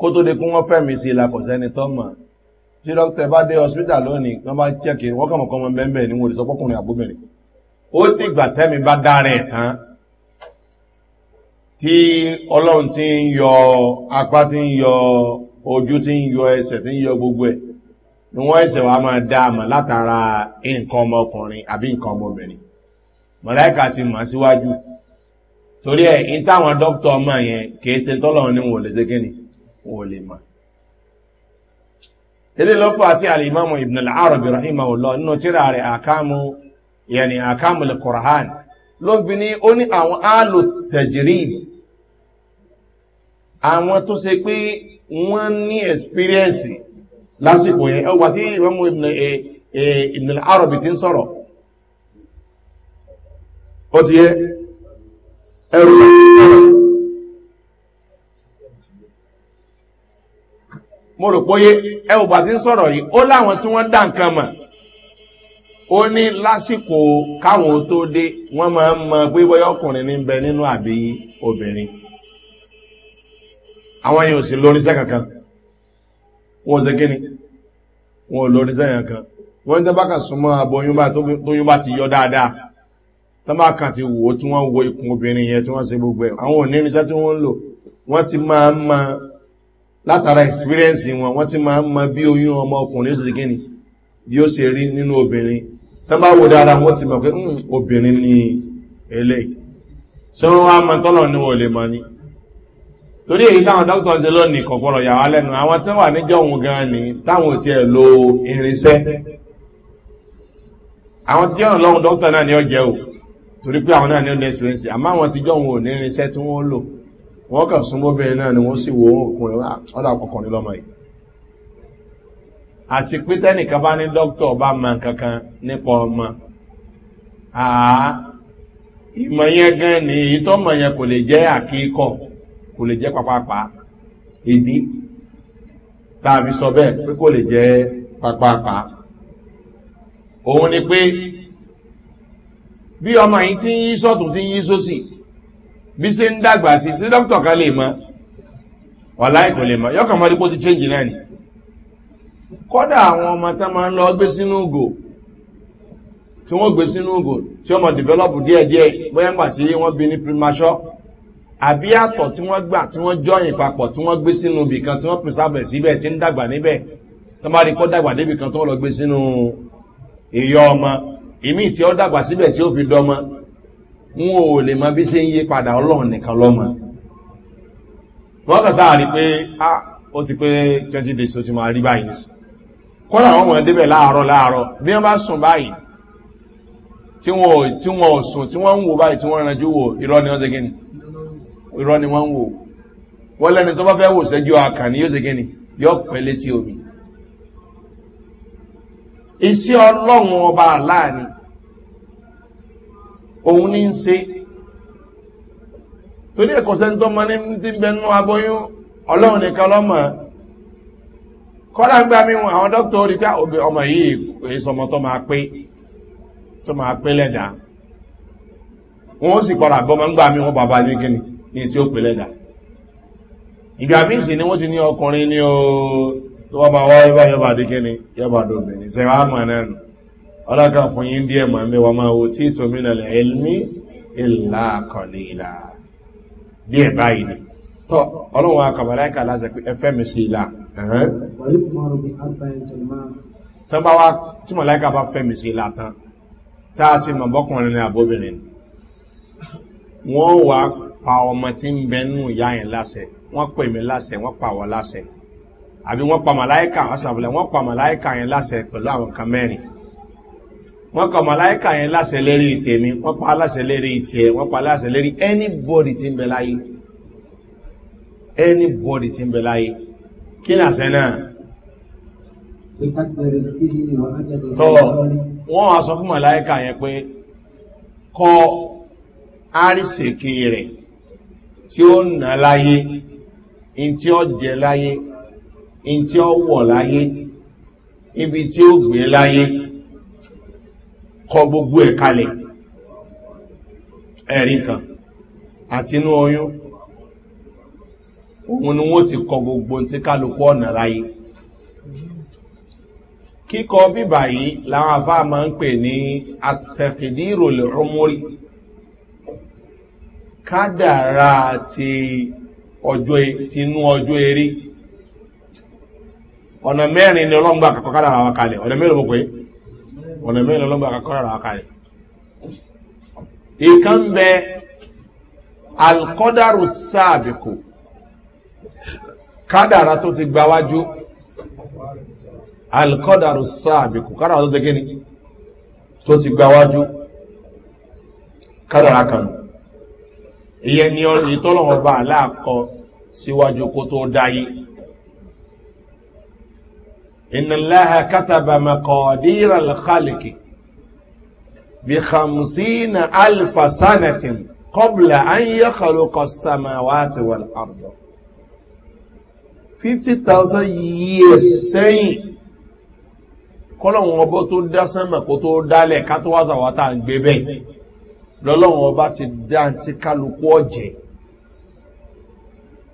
kó tó dé kún wọ́n fẹ́mi sí ìlàkọ̀sẹ́ni tọ́ mọ̀ tí dókítà bá dé hospital lónìí wọ́n bá chẹ́kì wọ́n kàn mọ̀kàn mọ̀ bẹ́ẹ̀ ni wọ́n lè sọ fọ́kùnrin àbúbẹ̀rẹ̀ ó dìgbà tẹ́mi bá dára ẹ̀ tán tí ọlọ́run ti ń yọ apá ti ń yọ ojú ti ń yọ ẹsẹ̀ ti ń yọ gbogbo ẹ̀ ni wọ́n ẹsẹ̀ wa máa dá àmọ̀ látara nǹkan ọmọkùnrin àbí nǹkan ọmọbìnrin mọ̀láìkà ti mọ̀ síwájú torí ẹ̀ ní táwọn dókítà ọmọ yẹn kì í ṣe tọ́lọ́run ní wọn lè ṣe kíni wọn ò lè mọ̀ ilé lọ́pọ̀ ibn al ibn rahima rahimahullah nínú tíra rẹ̀ àkámù yẹni al-qur'an ló ń ni. ní ó awon àwọn áàlù tajirib àwọn se pé wọ́n ní ẹ̀spíríẹ̀nsì lásìkò yẹn ọgbà tí ìmọ́mù eh, eh, ibn al'arabi ti n sọ̀rọ̀ ó ti mo rò póye ẹwùbà tí ń sọ̀rọ̀ yìí ó láwọn tí wọ́n dá nǹkan mọ̀ ó ní lásìkò káwọn tó dé wọ́n máa ń mọ pé bóyá ọkùnrin ní bẹ nínú àbí obìnrin àwọn yìí ò sì lóríṣẹ́ kankan wọn ò sí kíni wọn ò lóríṣẹ́ kankan wọ́n ń tẹ́ bá kà súnmọ́ aboyún bá tóyún bá ti yọ dáadáa tọ́bá kan ti wò ó tí wọ́n wo ikùn obìnrin yẹn tí wọ́n se gbogbo ẹ̀ àwọn ò ní irinṣẹ́ tí wọ́n ń lò wọ́n ti máa ń máa látara experience wọn wọ́n ti máa ń mọ bí oyún ọmọ ọkùnrin ṣe gíní bí ó ṣe rí nínú obìnrin tán bá wò dára wọ́n ti mọ̀ pé hmm, obìnrin ni ẹlẹ́ tí wọ́n wá mọ tọ́lọ̀ ní wọ́n lè mọ ní torí èyí táwọn dókítà ṣe lónìí kọ̀pọ̀rọ̀ yà wá lẹ́nu àwọn tí wà níjọ́ òun gan ni táwọn ò tiẹ̀ lo irinṣẹ́ àwọn tí jẹ́ ọ̀nà lọ́hùn dókítà náà ni ọ jẹ́ o torí pé àwọn náà ni ó experience àmọ́ àwọn tí jọ́ òun ò ní irinṣẹ́ tí wọ́n lò wọ́n kà súnmọ́bìnrin náà ni wọ́n sì wo ọkùnrin ah, ọ̀dà kọ̀ọ̀kan ní lọ́mọ yìí àti pé tẹ́nìkan bá ní dókítà bá ma kankan nípa ọmọ àá ìmọ̀ yẹn gan ni èyí tó mọ̀ yẹn kò lè jẹ́ àkíkọ̀ kò lè jẹ́ pápápá ìdí tàbí sọ bẹ́ẹ̀ pé kò lè jẹ́ pápápá òun ni pé bí ọmọ yìí ti ń yí sọ́tún ti ń yí sósì. So bí ṣe ń dàgbà sí sí dókítà kan lè mọ wà láì kò lè mọ yọkàn mọ́ dípò ti change náà ni kọ́dà àwọn ọmọ tán máa ń lọ gbé sínú ògò tí wọ́n gbé sínú ògò tí ọmọ dìvẹ́lọ́pù díẹ̀díẹ̀ bóyá ńgbà tí wọ́n bí ní primasọ́ àbí àtọ̀ tí wọ́n gbà tí wọ́n jọyìn papọ̀ tí wọ́n gbé sínú ibì kan tí wọ́n pín sábẹ̀ síbẹ̀ tí ń dàgbà níbẹ̀ tó bá rí kọ́ dàgbà débì kan tó lọ gbé sínú ìyọ́ ọmọ ìmí tí ó dàgbà síbẹ̀ tí ó fi dọ́mọ wọn ò lè mọ bí ṣe ń yí padà ọlọ́run nìkan lọ́mọ wọ́n kàn sáà rí pé a ah, ó ti pé twenty days tó ti máa rí báyìí sí kọ́lá àwọn ọmọ débẹ̀ láàárọ̀ láàárọ̀ bí wọ́n bá sùn báyìí tí wọn ò tí wọn ò sùn tí wọ́n ń wò báyìí tí wọ́n ranjú wò irọ́ ni wọ́n ṣe gẹ́ni irọ́ ni wọ́n ń wò wọ́n lẹ́ni tó bá fẹ́ wò sẹ́jú àkànní yóò ṣe gẹ́ni yóò pẹ́ létí omi iṣẹ́ ọlọ́run ọba àláàni òun ní ń se torí ẹ̀kọ́ sẹ́ntọ́ mọ́ ní ti bẹnú aboyún ọlọ́run nìkan lọ́mọ̀ kọ́lá mi wọn àwọn dókítà orí ká ọmọ yìí èyí tó máa pé tó máa pé lẹ́dà wọn sì kọ́ra gbọ́mọ ń gbá mi wọn bàbá ní tí ó pè lẹ́dà ìgbà ni wọ́n ti ní ọkùnrin ní o tó wọ́n ọlọ́kà fún yí díẹ̀ ma mẹ́ wọ́n máa wo tí ìtòmínà ilmi ìlà kọ̀lẹ̀ ìlà díẹ̀ báyìí ni tọ́ ọlọ́wọ́ akọ̀bọ̀láìkà láti pé ẹfẹ́ mi sí ìlà tí mọ̀láìkà bá fẹ́ mi sí ìlà tán tá a ti mọ̀ bọ́kùnrin ní abóbìnrin wọ́n wà pa ọmọ tí ń bẹ nù ìyá yẹn láṣẹ wọ́n pè mí láṣẹ wọ́n pa wọ́n láṣẹ àbí wọ́n pa mọ̀láìkà wọ́n wọ́n pa mọ̀láìkà yẹn láṣẹ pẹ̀lú àwọn kan mẹ́rin wọ́n kọ̀ mọ̀láíkà yẹn láṣẹ lérí tèmi wọ́n pa láṣẹ lérí tiẹ̀ wọ́n pa láṣẹ lérí anybody ti ń bẹ láyé anybody ti ń bẹ láyé kí ni àṣẹ náà tọ́ wọ́n wá sọ fún mọ̀láíkà yẹn pé kọ àrísèké rẹ̀ tí ó nà láyé in tí ó jẹ láyé in tí ó wọ̀ láyé ibi tí ó gbé láyé kọ gbogbo ẹ̀ kalẹ̀ ẹ̀rin kan àti inú oyún òun ni wọ́n ti kọ gbogbo tí kálukú ọ̀nà láyé kíkọ bíbà yìí afá ma ń pè ní àtẹ̀kìdí ìròlẹ̀ ọmọrí kádàrá ti ọjọ́ e, tinú ọjọ́ eré ọ̀nà mẹ́rin ni ọlọ́gbà kàkọ́ kádàrá wa kalẹ̀ ọ̀nà mẹ́rin ọ̀nà mẹ́rin lọ́gbà àkọ́kọ́ rẹ̀ àkàrẹ̀ ìkan bẹ alkọ́dàrú sáàbìkù kádàrá tó ti gbáwájú alkọ́dàrú sáàbìkù kádàrá tó ti gíní tó ti gbáwájú kádàrá kanù ìyẹn ni ìtọ́lọ̀wọ̀ bá aláàkọ síwájú kó tó dáyé إن الله كتب مقادير bí بخمسين ألف سنة قبل an yẹ السماوات والأرض. 50,000 years sẹ́yìn kọ́lọ̀wọ̀n ọbọ̀ tó dá sánmà kó tó dálẹ̀ kátówásà wátà ń gbé bẹ́ẹ̀ lọ́lọ́wọ̀n ọba ti dá ti kálukú ọ̀jẹ̀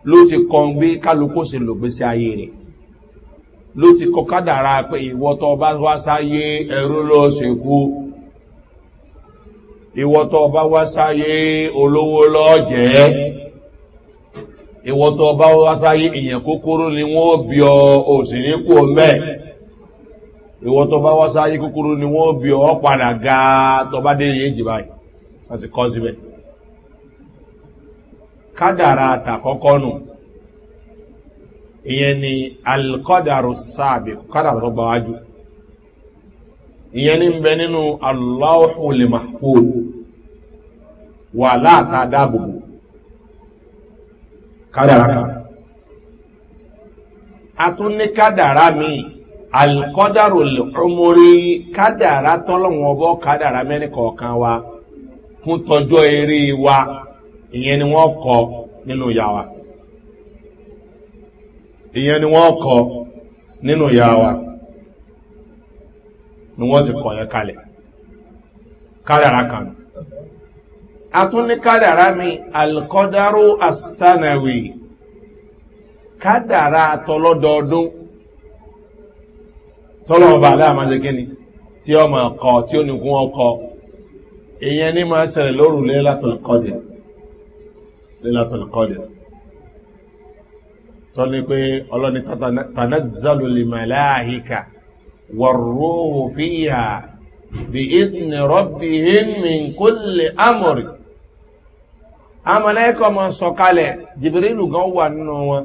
ló ti kọ́ ń gbé kálukú sí lògbésí ayé rẹ̀ ló ti kọ kádàrá pé ìwọ́tọ̀ ọba wá sáyé ẹrú lọ ṣèkú ìwọ́tọ̀ ọba wá sáyé olówó lọ́jẹ́ ìwọ́tọ̀ ọba wá sáyé èyàn kúkúrú ni wọ́n bí ọ òsìní kú mẹ́ ìwọ́tọ̀ ọba wá sáyé kúkúrú ni wọ́n bí ọ padà ga tọba dé yé jì báyìí láti kọ́ síbẹ̀ kádàrá tàkọ́kọ́ nù ìyẹn ni alkọ́dàrú sáàbì kọ́dàrú tó gbà wájú ìyẹn ni ń bẹ nínú aláwòhùn lè máa fóònù wà láàtà dáàbòbò kádàrá kan a tún ní kádàrá míì alkọ́dàrú lùmúrí kádàrá tọ́lọ́wọ́n ọbọ̀ kádàrá mẹ́rin kọ̀ọ̀kan wa fún tọjọ́ eré wa ìyẹn ni wọ́n kọ nínú yàrá ìyẹn ni wọ́n kọ nínú ìyá wa ni wọ́n ti kọ̀ yẹn kalẹ̀ kádàrá kan a tún ní kádàrá mi alkọ́dáró asánàwì kádàrá tọlọ́dọọdún tọ́lọ́ọ̀bà aláàmájẹ́gẹ́ni tí ọmọ ọkọ̀ tí ó nìkún ọkọ̀ èyàn ní máa ṣẹlẹ̀ lórùn lẹ́látọ̀lẹ̀kọ́dẹ̀ tó ní pé ọlọ́ni tànàzàlù lè màláàhíkà wàrúhù fíyà bí ìdìní rọ́bì hìmìn kó lè amòrì amọ̀lẹ́kọ̀ mọ̀ sọ̀kalẹ̀ jìbìrìlù gan wà nínú wọn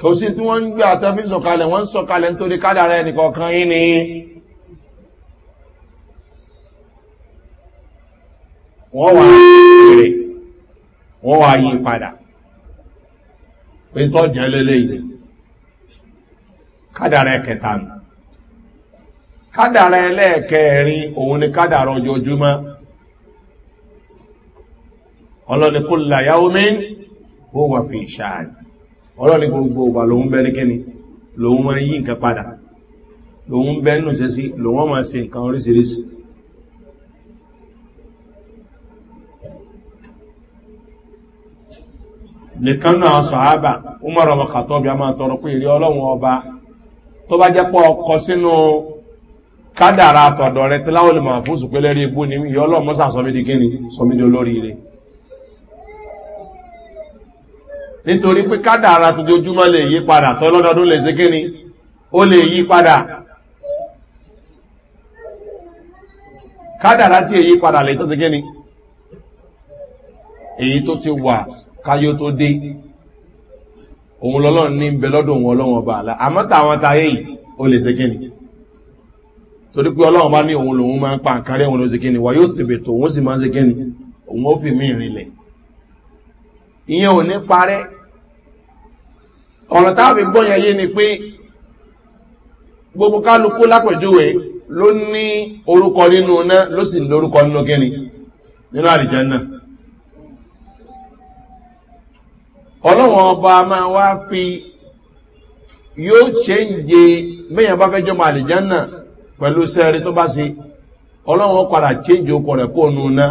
kò sí tí wọ́n ń gbé àtẹ́fí sọ̀kalẹ̀ wọ́n sọ̀kalẹ̀ nítorí kádàrà ẹnìkọ̀ọ̀kan yìí ni wọ́n wà yí padà pé tọ́ jẹ́ lélẹ́ ìdè kádàrà ẹ̀kẹta nù kádàrà ẹlẹ́ẹ̀kẹrin òun ni kádàrà ọjọ́júmọ́ ọlọ́ni kó làyáwó mi ó wà fi ṣáàrì ọlọ́ni gbogbo wà lòun bẹ́ ní kíni lòun yí nǹkan padà lòun bẹ́ nù sẹ́sí lòun máa se nǹkan oríṣiríṣi nìkan náà sọ̀hábà umar ọmọ kàtọ́bí a máa tọrọ pé ìrí ọlọ́run ọba tó bá jẹ́ pọ̀ ọkọ̀ sínú kádàrà àtọ̀dọ̀ rẹ tí láwọn olùmọ̀ àfúnsù pé lẹ́rí ibú ni ìyọ́ ọlọ́run mọ́sà sọmídìí kíni sọmídìí olórí rẹ̀ nítorí pé kádàrà tó dojúmọ́ lè yí padà tọ́ lọ́dọọdún lè ṣe kíni ó lè yí padà kádàrà tí èyí padà lè tó ṣe kíni èyí tó ti wà káyó tó dé òun lọ́lọ́run ní bẹ lọ́dọ̀ òun ọlọ́run ọba àlá àmọ́ táwọn táyé yìí ó lè ṣe kíni torí pé ọlọ́run bá ní òun lòun máa ń pa nǹkan òun ló ṣe wà yóò tèbè tó òun sì máa ń ṣe òun ó fi mí ìrìnlẹ̀ ìyẹn ò ní parẹ́ ọ̀rọ̀ táà fi gbọ́ yé ni pé gbogbo kálukú lápẹ̀júwe ló ní orúkọ nínú náà ló sì lórúkọ nínú kíni nínú àlìjẹ́ náà ọlọ́wọ́n ọba máa wá fi yóò chéńje mẹ́yàn bá fẹ́ jọmọ náà pẹ̀lú sẹ́ẹ̀rí tó bá se ọlọ́wọ́n padà chéńje okọ̀ rẹ̀ kó nu náà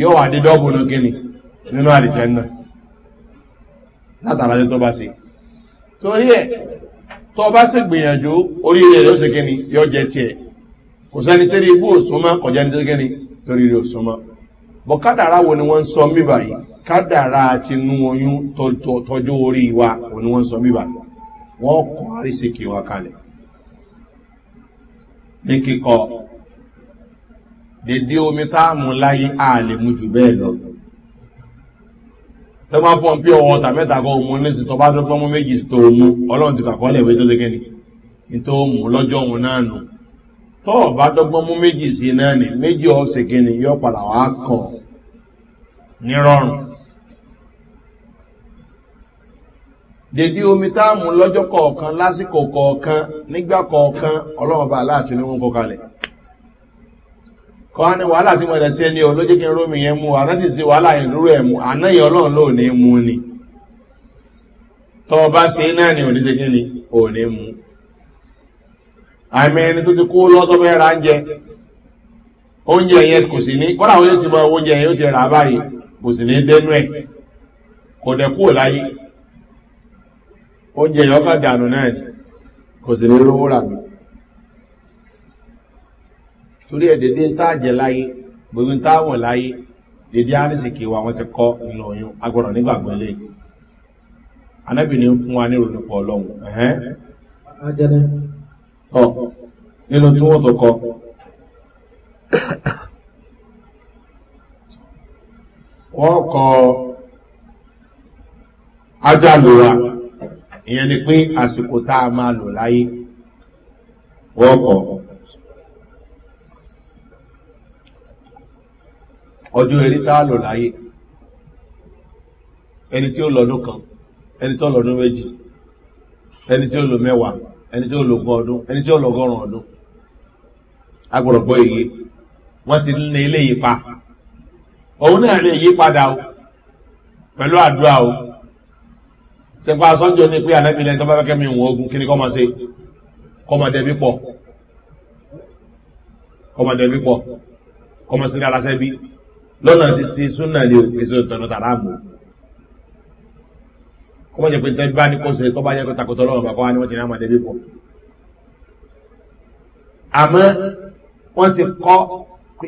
yóò wà dé dọ́ọ̀bù ní nínú àlìjánà látara tó bá se torí ẹ̀ tó bá kádàrá àti inú oyún tọjọ́ orí wa òní wọ́n sọ bíbà wọ́n kọ́ àrísìkì wa kalẹ̀ ní kíkọ dédé omi táàmù láyé ààlè mú jù bẹ́ẹ̀ lọ tó máa fọ́n pí ọwọ́ mẹ́ta kọ́ ọlọ́run ti tó lọ́jọ́ òun náà nù tó sí náà méjì ọ̀sẹ̀ padà wá dèdí omi táàmù lọ́jọ́ kọ̀ọ̀kan lásìkò kọ̀ọ̀kan nígbà kọ̀ọ̀kan ọlọ́ọ̀bá aláàtí ní wọn wàhálà tí wọ́n ní kí n rómi yẹn mú wàhálà ẹ̀ mú àná ọlọ́run ni tọ́ ni òní ti kó lọ́tọ́ fẹ́ ra oúnjẹ ti mọ oúnjẹ yẹn ó ti rà báyìí kò ní dẹ́nu ẹ̀ kò oúnjẹ yẹn ọkà dànù náà ni kò sì ní lówó rà mí torí ẹ̀ dédé ń jẹ láyé gbogbo ń wọ̀ láyé dédé àrísìkì wa wọn ti kọ́ nínú oyún agbọ̀rọ̀ nígbàgbọ́ ilé anábìnrin fún wa ní ìrònúpọ̀ ọlọ́run ẹ̀hẹ́n tọ́ nínú tí wọ́n tó ìyẹn ni pé àsìkò tá a máa lò láyé wọ́n kọ̀ ọjọ́ eré tá a lò láyé ẹni tí ó lọ́dún kan ẹni tí ó lọ́dún méjì ẹni tí ó lò mẹ́wàá ẹni tí ó lò ogún ọdún ẹni tí ó lò ọgọ́rùn-ún ọdún agbọ̀rọ̀gbọ́ èyí wọ́n ti ní ilé yìí pa òun náà lè yí padà pẹ̀lú àdúrà o. sẹ́pà sọ́njọ́ ní pé ànábìlẹ̀ tó bá fẹ́ kẹ́mi ìwọ̀n ogun kí ni kọ́ máa ṣe kọ́ máa dẹ̀bí pọ̀ kọ́ máa dẹ̀bí pọ̀ kọ́ máa ṣe dára sẹ́bí lọ́nà ti ti súnà ní òkèsè tọ̀nà tàrà àmọ́ kọ́ máa jẹ́ pé tẹ́bí bá ní kó ṣe tó bá yẹ kó takòtò lọ́wọ́ bàkọ́ wá ní wọ́n ti ní àmọ́ dẹ̀bí pọ̀ àmọ́ wọ́n ti kọ́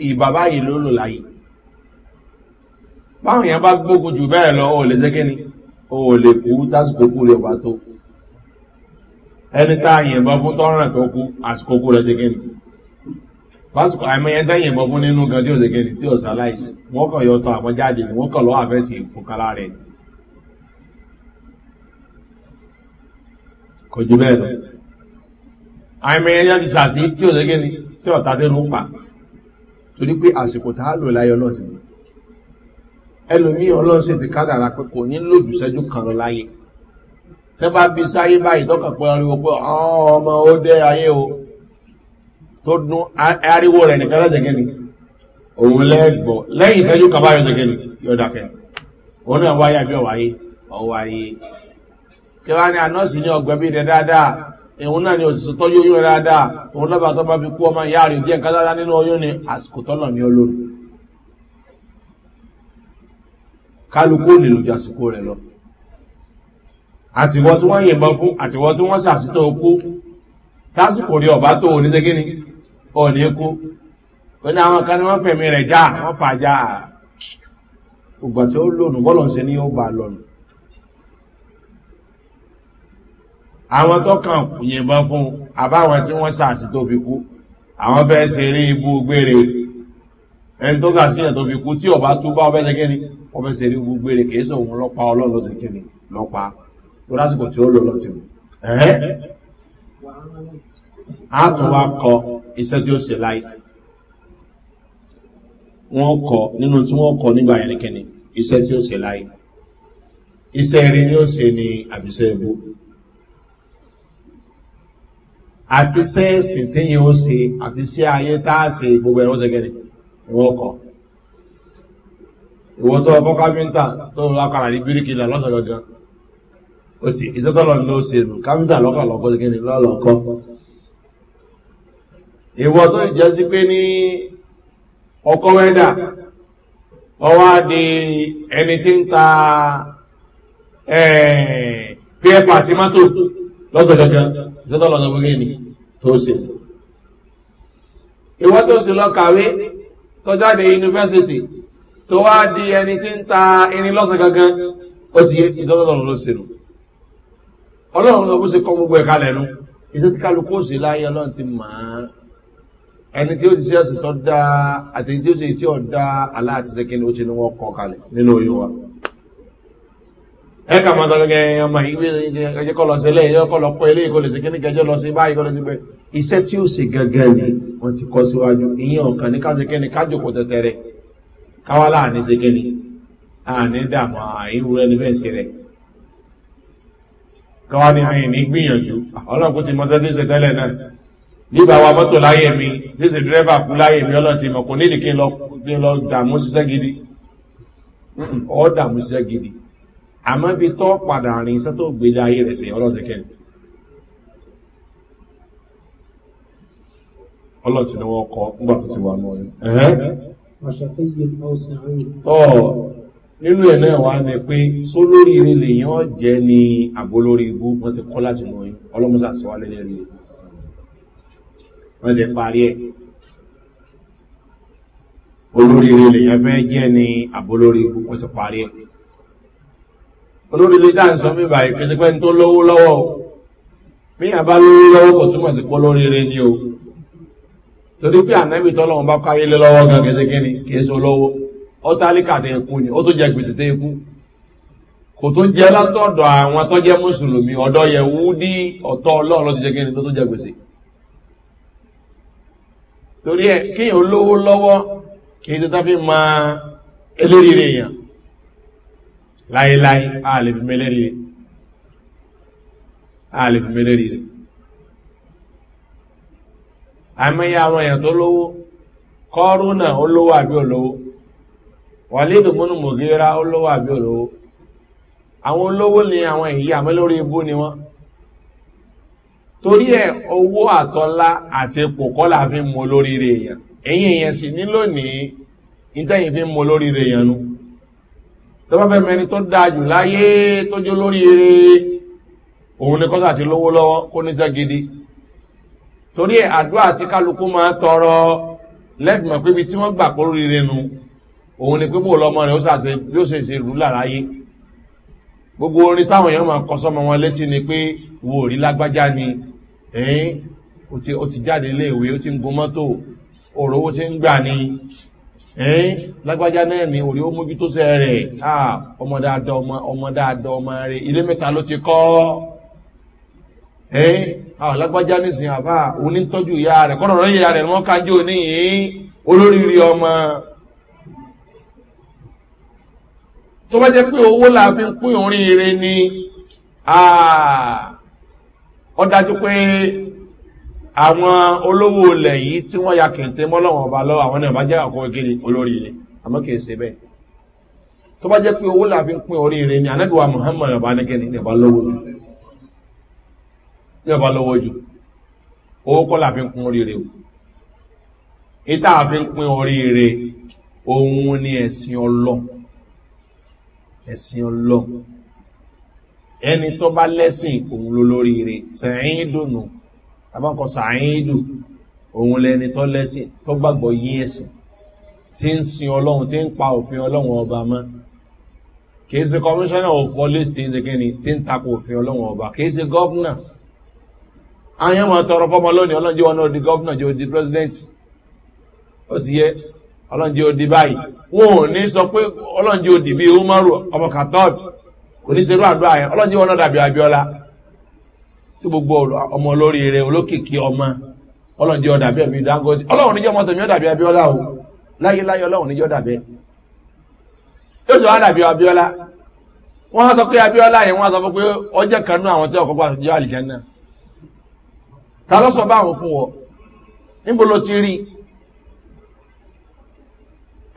ìbàbá yìí lólò láyé báwọn èèyàn bá gbógun jù bẹ́ẹ̀ lọ ò lè ṣe kí ni òun ò lè kú tásìkò kú rẹ̀ wà tó ẹni tá a yìnbọn fún tọ́ràn tó kú àsìkò kú rẹ̀ ṣe kí ni pásìkò àìmọye tá yìnbọn fún nínú gan tí ò ṣe kí ni tí ò ṣaláìsì wọ́n kàn yọ tọ́ àwọn jáde ni wọ́n kàn lọ́wọ́ àfẹ́tì fúnkalá rẹ̀ kò jù bẹ́ẹ̀ lọ àìmọye yá ti ṣàṣì tí ò ṣe tí ọ̀tá tẹ́nu pa torí pé àsìkò tá a lò láyọ̀ náà ti mú ẹlòmí ọlọ́run sì ti kádàrà pé kò ní lòdù sẹ́jú kan lọ láyé tẹ́ bá bí sáyé báyìí tọ́kàn pé ariwo pé ọmọ ó dé ayé o tó dún ariwo rẹ̀ nìkan lọ́jẹ̀kẹ́ ni òun lẹ́gbọ̀ lẹ́yìn sẹ́jú kan báyọ̀ jẹ́kẹ́ ni yọ̀dà kẹ́ òun náà wáyé àbí ọ̀wáyé ọ̀wáyé kí wá ní anọ́ọ̀sì ní ọgbẹ́ bí rẹ̀ dáadáa òun náà ni òṣìṣẹ́ tọ́jú oyún rẹ̀ dáadáa òun lọ́ba tó bá fi kú ọmọ ìyá rẹ̀ díẹ̀ kálá nínú oyún ni àsìkò tọ́nà ní olóòrùn kálukú lè lòjù àsìkò rẹ̀ lọ àtiwọ́ tí wọ́n yìnbọn fún àtiwọ́ tí wọ́n sàṣítọ̀ okú tásìkò rí ọ̀bá tó ní tẹ́gíní ọ̀ní kú ó ní àwọn kan ní wọ́n fẹ̀mí rẹ̀ já wọ́n fà já ògbà tí ó lónù bọ́lọ̀ sí ní ó bà lọ́nù tó fi kú àwọn fẹ́ tó sàṣítọ̀ fi kú tí ọmọ ṣe rí gbogbo èrè kìí sọ òun lọ́pa ọlọ́lọ́ sí kíni lọ́pa tó lásìkò tí ó lò lọ tìrù ẹ̀hẹ́ a tún wá kọ iṣẹ́ tí ó ṣe láì wọ́n kọ nínú tí wọ́n kọ nígbà yẹn kíni iṣẹ́ tí ó ṣe láì iṣẹ́ rí ni ó ṣe ni àbíṣẹ́ ìbú àti sẹ́ẹ̀sì téyìn ó ṣe àti sí ayé tá a ṣe gbogbo ẹ̀rọ ṣe kíni wọ́n kọ ìwọ́n tó ọkọ́ kámíntà tó ń lákàrà ní bíríkì ilẹ̀ lọ́sọ̀ gangan ó ti iṣẹ́ tọ́lọ ní ó ṣe nù kámíntà lọ́kàn lọ́kọ́ sí kíni lọ́lọ́kọ́ ìwọ́n tó jẹ́ sí pé ní ọkọ́ wẹ́dà ọwá di ẹni tí ń ta pẹ́ẹ̀pà àti mọ́tò lọ́sọ̀ gangan iṣẹ́ tọ́lọ ní ó ṣe tó ṣe ìwọ́n tó ṣe lọ kàwé tọ́jáde yunifásitì tó wá di ẹni tí ń ta irin lọ́sàn gangan ó ti yé ìdọ́lọ́lọ́run ló ṣe nù ọlọ́run ló bó ṣe kọ́ gbogbo ẹ̀ka lẹ́nu iṣẹ́ tí kálukú ó ṣe láyé ọlọ́run ti mọ̀ án ẹni tí ó ti ṣe ẹ̀sìn tó dáa àti tí ó ṣe tí ó dáa aláàtí ṣe kíni ó ṣe ni wọ́n kọ́ kalẹ̀ nínú oyún wa ẹ kà máa tọ́lọ́ gẹ́gẹ́ ọmọ ìwé ẹjẹ́ kọ́ lọ sí ilé ẹjẹ́ kọ́ lọ kọ́ ilé ìkọlẹ̀ sí kíní lọ sí báyìí kọ́ lọ sí bẹ́ẹ̀ iṣẹ́ tí ó ṣe gẹ́gẹ́ ni wọ́n ti kọ́ síwájú ìyẹn ọ̀kan ní káṣe kíni kájòkó tẹ̀tẹ̀rẹ̀ káwá láàrin ṣe kíni àní dàmú àìwú ẹni fẹ́ ṣe rẹ̀ káwá ní àyìn ní gbìyànjú ọlọ́run ti mọ́sẹ́ tí ṣe tẹ́lẹ̀ náà nígbà wa mọ́tò láyé mi tí ṣe dírẹ́fà kú láyé mi ọlọ́run mọ̀ kò ní ìdíkí lọ dàmú ṣiṣẹ́ gidi ọ̀ dàmú ṣiṣẹ́ gidi àmọ́ bí tọ́ padà rìn iṣẹ́ tó ayé rẹ̀ ti wọ́n kọ́ nígbà nínú ẹ̀ náà wá ní pé só lórí ire lèyàn jẹ́ ní àbó lórí igbó wọ́n ti kọ́ láti mọ̀ yí ọlọ́mọ́sà sọ wá lẹ́lẹ́ rí wọ́n ti parí ẹ̀ olórí ire lèyàn fẹ́ jẹ́ ní àbó lórí igbó wọ́n ti parí ẹ̀ olórí ilé dáà ń sọ mí báyìí kẹsíkẹ́ ní tó lówó lọ́wọ́ torí pé ànábì tọ́lọ́wọ́n bá káyé lé lọ́wọ́ gan gẹ́gẹ́ ni kìí so lọ́wọ́ ó tálíkà tẹ ni ó tó jẹ gbèsè tẹ ikú kò tó jẹ látọ̀dọ̀ àwọn tó jẹ mùsùlùmí ọ̀dọ́ yẹ wú ní ọ̀tọ́ ọlọ́run ti jẹ gẹ́ni tó tó jẹ gbèsè torí ẹ kíyàn olówó lọ́wọ́ kìí tó tá fi ma eléríire èèyàn láéláé a lè fi mẹlẹ́rìí a fi mẹlẹ́rìí rẹ̀ àmìyà àwọn èèyàn tó lówó kọ́rúnà olówó àbí olówó wàlídù múnú mùgíra olówó àbí olówó àwọn olówó ni àwọn èyí àmì lórí ibú ni wọ́n torí ẹ̀ owó àtọ́lá àti epo kọ́lá fi ń mo lóríire èèyàn èyí èèyàn sì ní lónìí ìtẹ́yìn fi ń mo lóríire èèyàn nu tó bá fẹ́ mẹni tó dáa jù láyé tó jó lóríire òun ni kọ́sà ti lówó lọ́wọ́ kó níṣẹ́ gidi torí ẹ̀ àdúrà àti kálukú máa tọrọ lẹ́fìmọ̀ pé ibi tí wọ́n gbà kó ríire nu òun ni pé bó lọmọ rẹ̀ ó sàṣe bí ó ṣe ṣe rú láráyé gbogbo orin táwọn èèyàn máa kọ sọmọ wọn létí ni pé wo rí lágbájá ni ẹ̀yìn ó ti jáde ilé ìwé ó ti ń gun mọ́tò òrò owó ti ń gbà ni ẹ̀yìn lágbájá náà ni òrí ó mójútó sẹ́ rẹ̀ ọmọ dáadáa ọmọ dáadáa ọmọ rẹ̀ ilé mẹ́ta ló ti kọ́ ọ́ a eh, àwọn alágbájá nísìn àbá onítọ́jú ìyá rẹ̀ orin ni ọ dájú pé àwọn olówó yìí tí ya kẹ̀ǹtẹ́ mọ́lọ́wọ́n ọba lọ́wọ́ àwọn náà bá jẹ́ àkọ́kọ́ kiri olóríire àmọ́ kìí ṣe bẹ́ẹ̀ tó bá jẹ́ pé owó láàfin orin ire ni anábìwá tí ọba lọ́wọ́ jù owó kọ́ láàfin kún oríire o ìta àfin pín oríire ohun ni ẹ̀sìn ọlọ́ ẹ̀sìn ọlọ́ ẹni tó bá lẹ́sìn òun ló lóríire sàáyín dùnú abákọ̀ sàáyín dùn òun lẹni tó lẹ́sìn tó gbàgbọ́ yí ẹ̀sìn tí ń sin ọlọ́run tí ń pa òfin ọlọ́run ọba mọ́ kìí ṣe commissioner of police tí ń takò òfin ọlọ́run ọba kìí ṣe governor àyàn máa tọrọ fọ́mọ lónìí ọlọ́njẹ́ wọn náà di gọ́ọ̀nà jẹ́ odi president ó ti yẹ ọlọ́njẹ́ odi báyìí wọn ò ní sọ pé ọlọ́njẹ́ odi bíi umaru ọmọ katọ́b kò ní serú àdúrà yẹn ọlọ́njẹ́ wọn náà dàbí abiola tí gbogbo ọmọ olórí rẹ olókìkí ọmọ ọlọ́njẹ́ dangote ọlọ́run níjọ́ o ọlọ́run níjọ́ dàbẹ́ yóò sọ wọn sọ pé abiola yẹn wọn sọ pé ta ló sọ báwọn fún wọ níbo ló ti rí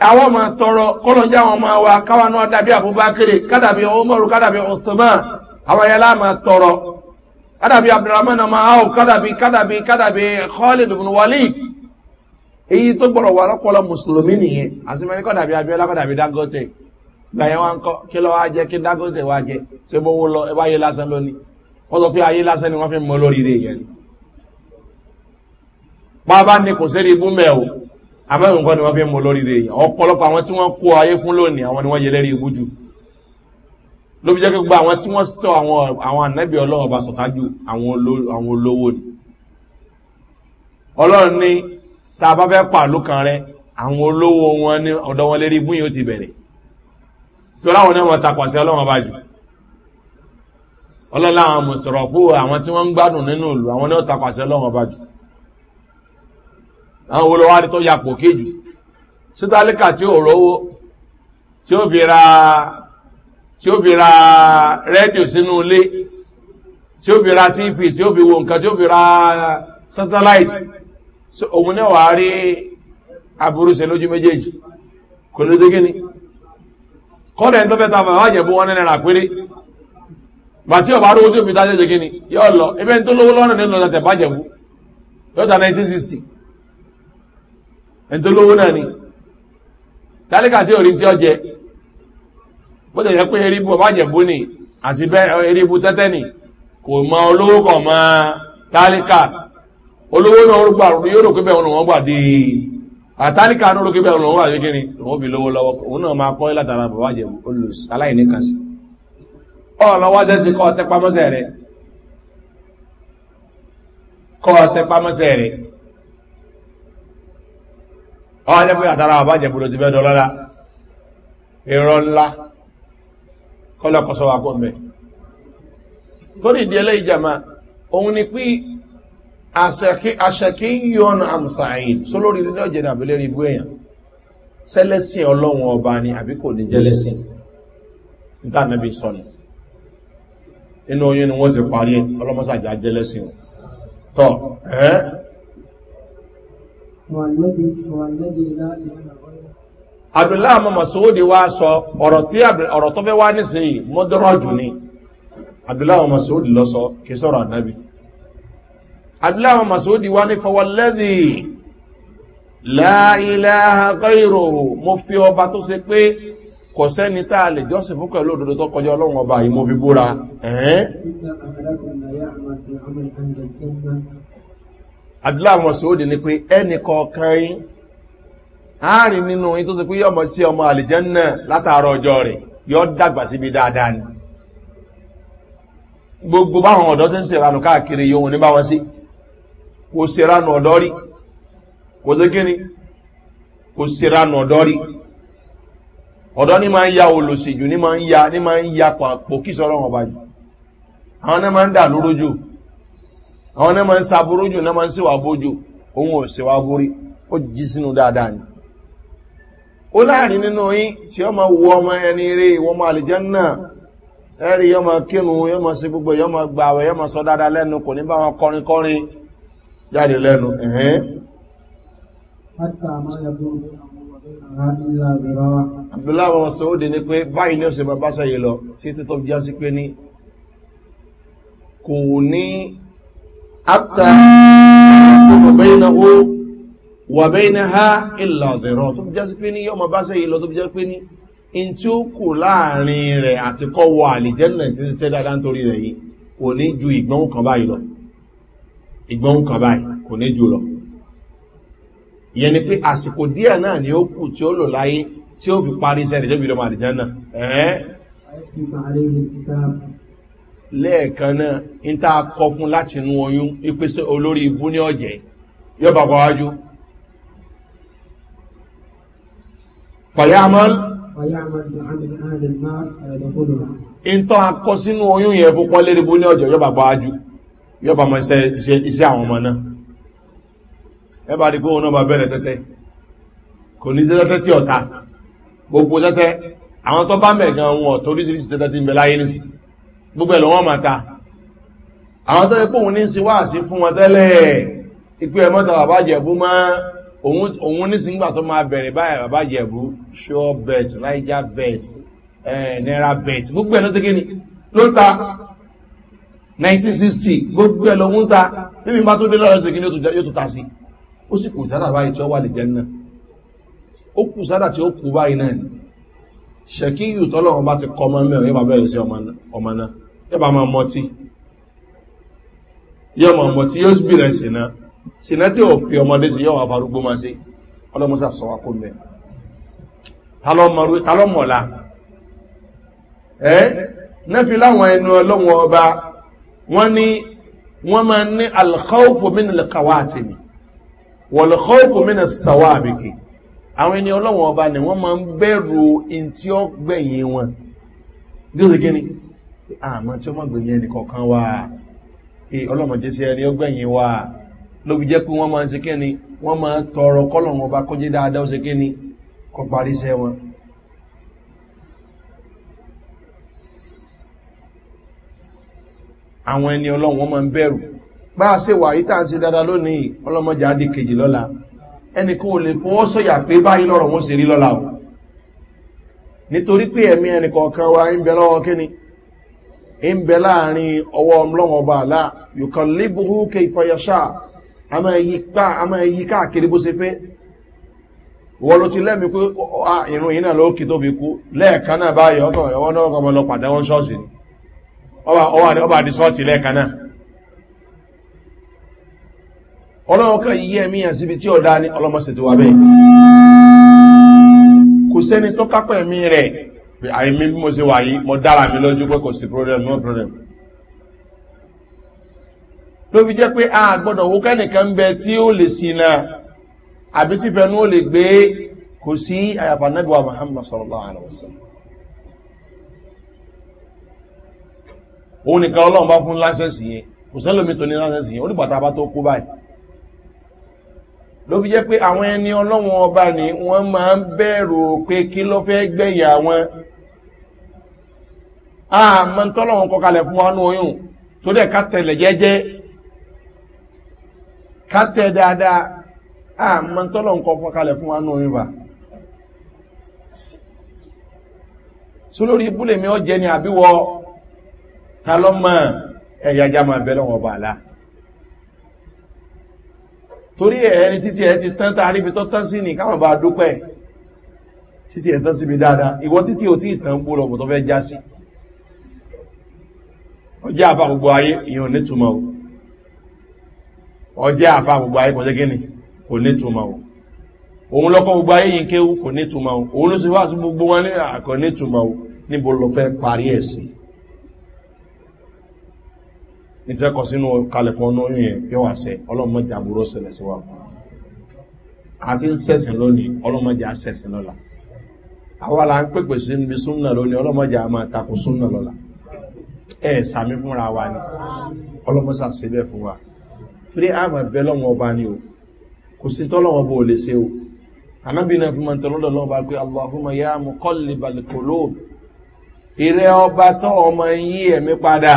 àwọn ọmọ tọrọ kọlọjá àwọn ọmọ wa káwọn náà dàbí àbúbákéré kádàbí ọmọrù kádàbí ọsùnmán àwọn yẹn láàmà tọrọ kádàbí abdulrahman ọmọ àwọn kádàbí kádàbí kádàbí khalid ibn walid èyí tó gbọ́dọ̀ wà lọ́pọ̀lọ́ mùsùlùmí nìyẹn àsìmẹ́ni kọ́dàbí abiola kọ́dàbí dangote gbàyẹn wa ń kọ́ kí lọ́ wá jẹ́ kí dangote wá jẹ́ ṣé bó wó lọ ẹ bá yé lásán lónìí wọ́n sọ pé ayé lásán ni wọ́n fi mọ́ lórí rẹ̀ yẹn bá bá ní kò sérí ibú mẹ́ o àmẹ́rin nǹkan ni wọ́n fi ń mú lóríire èèyàn ọ̀pọ̀lọpọ̀ àwọn tí wọ́n kó ayé fún lónìí àwọn ni wọ́n yẹ lẹ́rí ibú jù ló fi jẹ́ gbogbo àwọn tí wọ́n sọ àwọn ànábì ọlọ́wọ́ bá sọ̀kájú àwọn olówó ni ọlọ́run ní tá a bá fẹ́ pàlú kan rẹ àwọn olówó wọn ní ọ̀dọ́ wọn lérí ibú yìí ó ti bẹ̀rẹ̀ torí àwọn náà wọn tapàṣẹ ọlọ́wọ́n bá jù ọlọ́run àwọn mùsùlùmí àwọn tí wọ́n ń gbádùn nínú ìlú àwọn náà tapàṣẹ ọlọ́wọ́n bá jù àwọn olówárí tó yapò kéjù sítálíkà tí ò rówó tí ó fi ra tí ó fi ra rédíò sínú ilé tí ó fi ra tv tí ó fi wo nǹkan tí ó fi ra satellite òun náà wà rí aburúse lójú méjèèjì kò ló dégé ni kọ́dẹ̀ tó fẹ́ ta fàwọn àjẹ̀bú wọn nẹ́nà péré bàtí ọ̀bá rówó tó fi ta ṣe ṣe kí ni yọ́ lọ ẹgbẹ́ tó lówó lọ́nà nínú ọ̀tẹ̀ bàjẹ̀bú yọ́ta 1960 ẹni tó lówó náà ni tálíkà tí orí tí ọ jẹ bó tẹ̀ yẹ pé eribu ọbájẹ̀bú ni àti bẹ́ eribu tẹ́tẹ́ ni kò mọ olówó kọ̀ mọ tálíkà olówó náà gbà yóò rò pé bẹ́ẹ̀ wọn gbà dé àtálíkà náà rò pé bẹ́ẹ̀ wọn wà kékeré wọn fi lówó lọ́wọ́ òun náà máa kọ́ látara bàbájẹ̀bú olùsí aláìní kan sí ọlọ́wọ́ sẹ́sì kọ́ tẹ́pamọ́sẹ̀ rẹ̀ kọ́ tẹ́pamọ́sẹ̀ rẹ̀ ọwọ́ jẹ́ pé àtàrà àbájẹ̀bù ló ti fẹ́ dọ́lọ́lá ìrọ ńlá kọ́lọ̀kọ́sọ́ wà kọ́ mẹ́ torí ìdí ẹlẹ́ ìjàmà òun ni pí àṣẹ̀kí yọnu àmùsàáyìn sólórí ilé ọjẹ́ ní àbílẹ̀ ibú èèyàn sẹ́lẹ́sìn ọlọ́run ọba ni àbí kò ní jẹ́lẹ́sìn níta nẹ́bí sọ́nù inú oyún ni wọ́n ti parí ọlọ́mọ́sàjà jẹ́lẹ́sìn tọ́ ẹ́ abdullahi ọmọ masoodi wa sọ ọ̀rọ̀ tí ọ̀rọ̀ tó fẹ́ wá nísìnyí mọ́dọ́rọ́jù ni abdullahi ọmọ masoodi lọ sọ kì í sọ̀rọ̀ ànábì abdullahi ọmọ masoodi wa ní fọwọ́lẹ́dì láìláha kọ́ìrò mo fi ọba tó ṣe pé kò sẹ́ni tá a lè jọ́sìn fún pẹ̀lú òdodo tó kọjá mo fi búra ẹ̀hẹ́n àdúrà àwọn ni pé ẹnì kọ̀ọ̀kan yín àárín nínú yín tó ti pé ọmọ sí ọmọ àlìjẹ́ náà látàárọ̀ ọjọ́ rẹ̀ yọ dàgbà síbi dáadáa ni gbogbo báwọn ọ̀dọ́ tí ń sèrànù káàkiri yóò ní báwọn sí kò sèrànù ọ̀dọ́ rí kò tó kíni kò sèrànù ọ̀dọ́ rí ọ̀dọ́ ní máa ń ya olùsìjù ní máa ń ya pòkí sọ́rọ̀ wọn báyìí àwọn náà máa ń dà lórójù àwọn náà máa ń saburú jù náà máa ń sèwà bójú òun ò sèwà borí ó jí sínú dáadáa ni ó láàrin nínú yín tí ó máa wo ọmọ ẹni eré ìwọ́n máa lè jẹ́ náà ẹ̀rí yọ́ máa kírun yọ́ máa se gbogbo yọ́ máa gbà àwẹ̀ yọ́ máa sọ dáadáa lẹ́nu kò ní bá wọn kọrin kọrin jáde lẹ́nu ẹ̀hẹ́n abdullahi wọn sọ ó dé ní pé báyìí ní ọ̀sẹ̀ bàbá sẹ́yẹ lọ sí títọ́ jásí pé ní kò ní àtà ọmọ bẹ́yìn náà ó wà bẹ́yìn náà ha ìlà ọ̀dẹ̀rọ̀ tó bí jásí pé ní ọmọ bá sẹ́yìn lọ tó bí jásí pé ní in tí ó kù láàrin rẹ̀ àti kọ́ wọ àlìjẹ́nà tí ń sẹ́ dáadáa nítorí rẹ̀ yìí kò ní ju ìgbọ́n kan báyìí lọ ìgbọ́n kan báyìí kò ní ju lọ ìyẹn ni pé àsìkò díẹ̀ náà ni ó kù tí ó lò láyé tí ó fi parí iṣẹ́ rẹ̀ débi lọ́mọ àlìjẹ́nà ẹ̀ẹ́ lẹ́ẹ̀kan náà ń tá a kọ fún láti inú oyún ìpèsè olórí ibú ní ọ̀jẹ̀ yóò bá pàwájú. fàyàmọ́n ìntọ́ akọ sínú oyún yẹn fún pọ́nlé ibú ní ọ̀jẹ̀ yóò bá pàwájú yóò bá mọ iṣẹ́ àwọn ọmọ náà ẹ bá rí pé òun náà bá bẹ̀rẹ̀ tẹ́tẹ́ kò ní gbogbo ẹ̀lọ́ wọn máa ta àwọn tó ẹkùn ní sí wá sí fún wọn tẹ́lẹ̀ ipé ẹmọ́ta bàbá jẹ̀bú mọ́ òun ní síngbà tó máa bẹ̀rẹ̀ báyìí bàbá jẹ̀bú sure bet naija bet eh, naira bet gbogbo ẹ̀lọ́ tẹ́kẹ́ ni ló ń ta 1960 gbogbo ẹ̀lọ́ ń ta bíbí bá tó dé lọ́rọ̀ tẹ́kẹ́ ni yóò tó ta sí ó sì kù sádà báyìí tí ó wà lè jẹ́ náà ó kù sádà tí ó kù báyìí náà ṣèkíyù tọ́lọ́run bá ti kọ́ ọmọ mẹ́rin bàbá ẹ̀ sí ọmọ náà yọba máa mọtí yọ máa mọtí yóò bìnà ìsìnà ìsìnà tí ò fi ọmọdé sí yọ wà farúgbó máa sí ọlọ́mọsà sọ wá kó mẹ́ talọ́mọ̀lá ẹ́ nẹ́fi láwọn ẹnu ọlọ́wọ́n ọba wọ́n ní wọ́n máa ní alkhawfu min alkawatini wọ̀lkhawfu min asawabiki àwọn ẹni ọlọ́wọ́n ọba ni wọ́n máa ń bẹ̀rù in tí ó gbẹ̀yìn wọn díẹ̀ gẹ́ni àmọ́ tí ó mọ̀ gbẹ̀yìn ẹnì kọ̀ọ̀kan wà kí ọlọ́mọdé sí ẹni ọgbẹ̀yìn wà ló fi jẹ́ pé wọ́n máa ń ṣe kíni wọ́n máa ń tọrọ kọ́lọ̀ wọn bá kọjá dáadáa ó ṣe kíni kọ́ parí iṣẹ́ wọn. àwọn ẹni ọlọ́run wọn máa ń bẹ̀rù bá a ṣe wà yìí tá à ń ṣe dáadáa lónìí ọlọ́mọdé á di kejì lọ́la ẹnì kan ò lè fọwọ́ sọ̀yà pé báyìí lọ́rọ̀ wọn ṣe rí lọ́la o nítorí pé ẹ̀mí ẹnì kọ̀ọ̀kan wa ń bẹ lọ́wọ́ kíni ń bẹ láàrin ọwọ́ ọmọlọ́wọ́ba àlá yùkan ke ìfọyọṣà a máa yí káàkiri bó se fẹ́ wọ́n ló ti lẹ́mi pé ìrùn yìí náà lókè tó fi kú lẹ́ẹ̀kan náà báyìí ọkọ̀ ọwọ́ náà kọ́ lọ pàdé ṣọ́ọ̀ṣì ni ọba àdì sọ́ọ̀tì lẹ́ẹ̀kan náà ọlọ́wọ́ kan yí ẹ̀mí yàn síbi tí ọ̀dá ní ọlọ́mọ̀sẹ̀ ti wà bẹ́ẹ̀ pé àìmí bí mo ṣe wà yìí mo dára mi lójú pé kò sí problem no problem ló fi jẹ́ pé a gbọ́dọ̀ wo kẹ́nìkan bẹ tí ó lè sinna àbí tí fẹnu ó lè gbé kò sí àyàfà nẹ́bíwá muhammad sallallahu alaihi wasallam òun nìkan ọlọ́run bá fún lásẹ̀sì yẹn kò sẹ́lómi tó ní lásẹ̀sì yẹn onígbàtà bá tó kú báyìí ló fi jẹ́ pé àwọn ẹni ọlọ́run ọba ni wọ́n máa ń bẹ̀rù pé kí ló fẹ́ gbẹ̀yà wọn àmọ́ tọ́lọ́wọ́n kọkalẹ̀ fún wa nú oyún tó dẹ̀ ká tẹ̀lẹ̀ jẹ́jẹ́ ká tẹ̀ dáadáa àmọ́ tọ́lọ́wọ́n kọkalẹ̀ fún wa nú oyún bá so lórí ibúlé mi ọ jẹ́ ni àbíwọ ta lọ mọ́ ẹ̀yàjá máa bẹ́ lọ́wọ́ bàálá torí ẹni títí ẹ ti tán tàrí ibi tó tán sí ní káwọn bá dúpẹ́ títí ẹ̀ tán síbi dáadáa ìwọ títí ò tí ìtàn gbó lọ́gbọ̀n tó fẹ́ já ọjọ́ àfà gbogbo ayé ìyàn nítumọ̀ o ọjẹ́ àfà gbogbo ayé kọjẹ́ gíní kò nítumọ̀ o òun lọ́kọ́ gbogbo ayé yìí kéwú kò nítumọ̀ o òun ló sì wá sí gbogbo wọn ní àkọ nítumọ̀ o níbo lọ fẹ́ parí ẹ̀ sí ìtẹ́kọ̀ sínú oyún yẹn wà sẹ́ ọlọ́mọdé àbúrò sẹlẹ̀ sí wa àti ń lónìí ọlọ́mọdé lọ́la àwa là ń pèpè sí ibi lónìí ọlọ́mọdé lọ́la ẹ sàmì fúnra wa ni ọlọ́mọsà ṣe bẹ́ẹ̀ fún wa torí àmà bẹ́ lọ́wọ́ ọba ni o kò sí tọ́lọ́wọ́ bó lè ṣe o anábì náà fi máa ń tẹ lọ́dọ̀ lọ́wọ́ bá pé aláhùnmá yá mu kọ́lì balikolo ìrẹ́ ọba tó ọmọ yí ẹ̀mí padà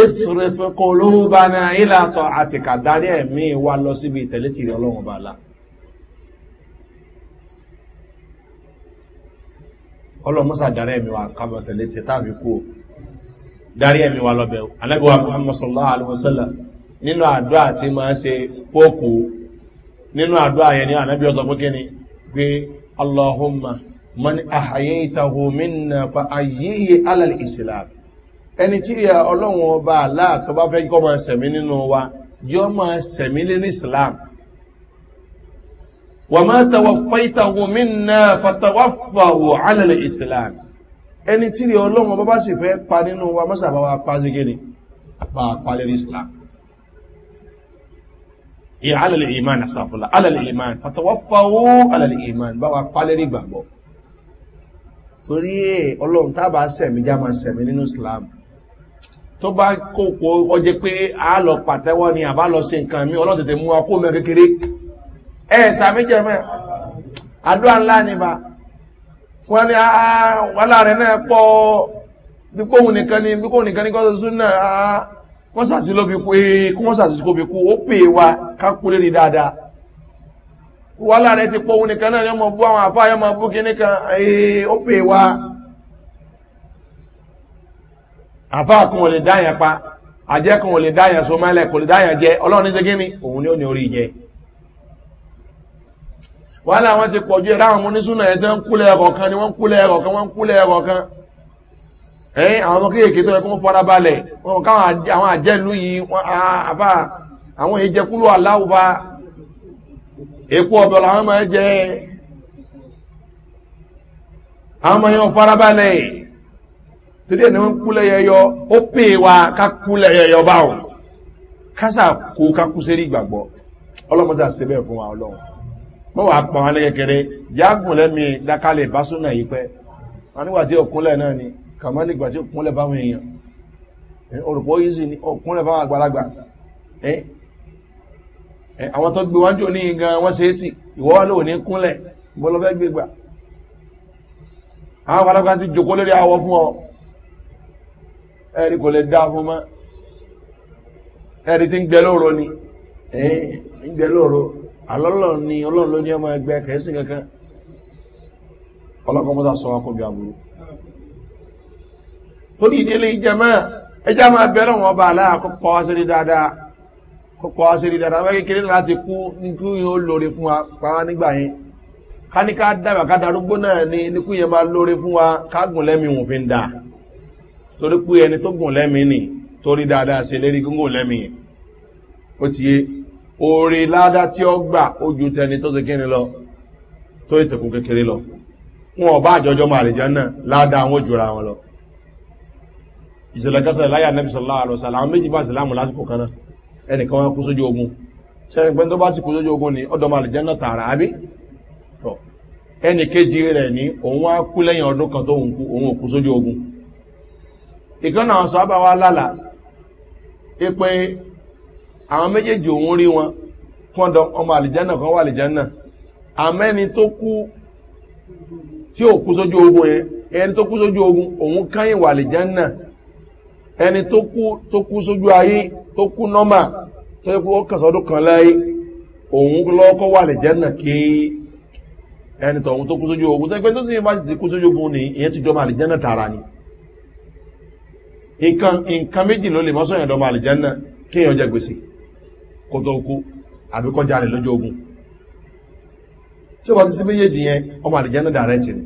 ìsúre fún kolówó bá náà ìlàtọ̀ àti kàdárí ẹ̀mí wa lọ síbi ìtẹ̀lé tìrì ọlọ́wọ́ bá la. ọlọ́mọsà dára ẹ̀mí wa kábọ̀ tẹ̀lé ti táàbí kú o darí ẹ̀mí wa lọ́bẹ̀ anábíwá muhammad sallallahu alaihi wasallam nínú àdúrà tí máa ń ṣe kókò nínú àdúrà yẹn ní anábíwá sọ pé kíni pé allahumma man ahayitahu minna fa ayiye alal islam ẹni tí ìyá ọlọ́run ọba aláà tó bá fẹ́ kọ́ máa sẹ̀mí nínú wa yóò máa sẹ̀mí islam ẹni tí rí ọlọ́run bá bá sì fẹ́ pa nínú wa mọ́sà bá wa pa sí gẹ́ni pa palẹ̀ islam ìyá alẹ́lẹ̀ iman asàfúnlá alẹ́lẹ̀ iman fatawafawo alẹ́lẹ̀ iman bá wa palẹ̀ rí gbàgbọ́ torí ẹ ọlọ́run tá bá sẹ̀mí já máa sẹ̀mí nínú islam tó bá kókó ọjẹ́ pé a lọ pàtẹ́wọ́ ni àbá lọ sí nǹkan mi ọlọ́run tètè mú wa kó mẹ́ kékeré ẹ̀ sàmíjẹ́ mẹ́ àdúrà ńlá wọ́n ní ah, ah, wàhálà rẹ̀ náà pọ̀ bíkóhùn nìkan ni bíkóhùn nìkan ní kọ́ súnà ah, wọ́n sàtí ló fi kú eh, kí wọ́n sàtí kó fi kú ó pè wa kákú lérí dáadáa wàhálà rẹ̀ ti pọ̀ nìkan náà yọmọ bú àwọn àfáà yọmọ bú kí nìkan eh, ó pè kan lè dáyàn pa àjẹ́ kan lè dáyàn so mẹ́lẹ̀ kò lè dáyàn jẹ ọlọ́run ní wàhálà wọn ti pọ̀jù ẹ̀rá àwọn oníṣúná ẹ̀ tẹ́ ń kan ni wọ́n kúlẹ̀ ẹ̀kọ̀ kan wọ́n kúlẹ̀ ẹ̀kọ̀ kan ẹ̀yìn àwọn ọmọ kéèké tó yẹ kó fọ́ra balẹ̀ wọn káwọn àwọn àjẹ́lú yìí àfà àwọn ìjẹkúlù aláwùfà èkó ọ̀bẹ̀ làwọn máa jẹ àwọn ọmọ yẹn fọ́ra balẹ̀ torí ẹ̀ ní wọ́n kúlẹ̀ ó pè wá ká báwọn kásà kó ìgbàgbọ́ ọlọ́mọ sà ṣe mọ́ wàá pọ̀ wọn kékeré jágùn lẹ́mi dákàlẹ̀ ìbásúnà yìí pẹ́ wọn nígbà tí òkúnlẹ̀ náà ni kàmọ́lì ìgbà tí bá wọn èèyàn yìí ni bá báwọn àgbàlagbà àwọn tó gbé wájú ní gan wọ́n ṣe é tì wà lóò ní kúnlẹ̀ gbé gbà àwọn àgbàlagbà ti alọ́lọ́ ni ọlọ́run ló ní ọmọ ẹgbẹ́ kẹ̀ẹ́sì kankan ọlọ́kọ̀ọ́mọ́ta sọ wọn kò bí àbúrú torí ìdílé ìjẹmọ́ ẹjá máa bẹ̀rẹ̀ wọn bá aláà kó pọ̀ wáṣẹ́ rí dáadáa kó pọ̀ wáṣẹ́ rí dáadáa wọ́n kékeré láti kú ní kí ó lóore fún wa pàwá nígbà yẹn ká ní ká dàgbà ká darúgbó náà ni ní kú yẹn máa lóore fún wa ká gùn lẹ́mí òun fi ń dà torí pé ẹni tó gùn lẹ́mí nì torí dáadáa ṣe lérí gúngùn lẹ́mí yẹn ó ti yé oore ládá tí ó gbà ó ju tẹni tó ti kíni lọ tó ìtẹ̀kùn kékeré lọ wọn ọba àjọjọ máa rèjẹ náà ládá àwọn òjòra wọn lọ ìṣẹ̀lẹ̀ kẹsẹ̀ láyà nẹ́bí sọ̀lá àlọ́sà làwọn méjì bá ìsìlámù lásìkò kan náà ẹnìkan wọn kú sójú ogun sẹ́yìn pé tó bá sì kú sójú ogun ni ọdọ máa rèjẹ náà tààrà àbí tọ ẹnì kejì rẹ̀ ní òun á kú lẹ́yìn ọdún kan tó ń kú òun ò kú sójú ogun ìkan sọ àwọn méjèèjì òun rí wọn kọ́ndọ̀ ọmọ àlìjánà kan wà àlìjánà àmẹ́ni tó kú tí ò kú sójú ogun yẹn ẹni tó kú sójú ogun òun káyìn wà àlìjánà ẹni tó kú tó kú sójú ayé tó kú nọ́mà tó yẹ kó ó kàn sọ́dún kan láyé òun lọ́kọ́ wà àlìjánà kí ẹni tọ̀hún tó kú sójú ogun tó yẹ pé tó sì bá ti kú sójú ogun ni ìyẹn ti jọmọ àlìjánà tààrà ni nǹkan méjì ló lè mọ́sọ̀yàn dọmọ àlìjánà kéèyàn jẹ gbèsè kó tó kú àbí kọjá rẹ̀ lójú ogun tí ó bá ti sí méjèèjì yẹn ọmọ àdìjẹ́ náà dàrẹ́tì ni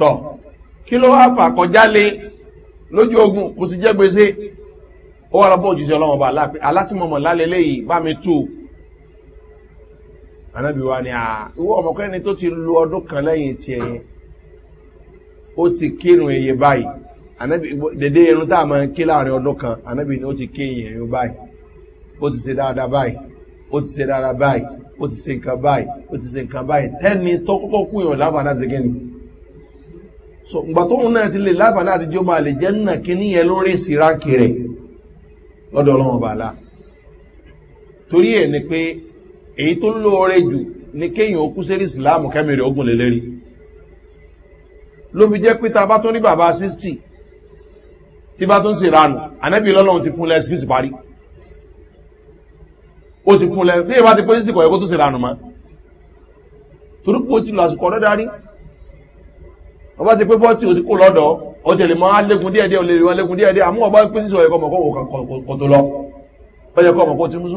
tọ́ kí ló wá fà kọjá lé lójú ogun kò sì jẹ́ gbèsè ó wà lọ́pọ̀ òjúṣe ọlọ́wọ́ bá aláàpẹ́ alátìmọ̀mọ̀ lálẹ́ lẹ́yìn bá mi tù anábì wa ni à ìwọ ọmọkùnrin tó ti lu ọdún kan lẹ́yìn tiẹ̀ yẹn ó ti kírun eye báyìí anabi dèdè irun tá a máa ké láàrin ọdún kan anabi ni ó ti ké ìyẹn irun báyìí ó ti ṣe dáadáa báyìí ó ti ṣe dáadáa báyìí ó ti ṣe nǹkan báyìí ó ti ṣe nǹkan báyìí tẹ́ni tó kọ́kọ́ kú yàn lábàá náà ti gẹ́ni so ìgbà tóun náà ti lè lábàá náà ti jẹ́ ọmọ àlè jẹ́ nà kíní yẹn ló rèé sí ránkì rẹ̀ lọ́dọ̀ ọlọ́run bàálà torí ẹ̀ ni pé èyí tó lóore jù ni kéèyàn ó kú sérí ìsìláàmù kẹ́mìrì ogun lélẹ́rí ló fi jẹ́ pé ta bá tún rí bàbá sísì tí bá tún sì ránù ànẹ́bí lọ́lọ́run ti fún lẹ́ síkìsì parí ó ti fún lẹ́ bí ìbá ti pé sísìkò ẹ̀kọ́ tó sì ránù mọ́ torí pé ó ti lọ àsìkò ọ̀dọ́ darí ọba ti pé fọ́tì ó ti kó lọ́dọ̀ ó ti lè mọ́ alẹ́kùn díẹ̀díẹ̀ ó lè rí wọn lẹ́kùn díẹ̀díẹ̀ àmú ọba pé sísìkò ẹ̀kọ́ mọ̀kọ́ kò tó lọ bẹ́ẹ̀ kọ́ mọ̀kọ́ ti mú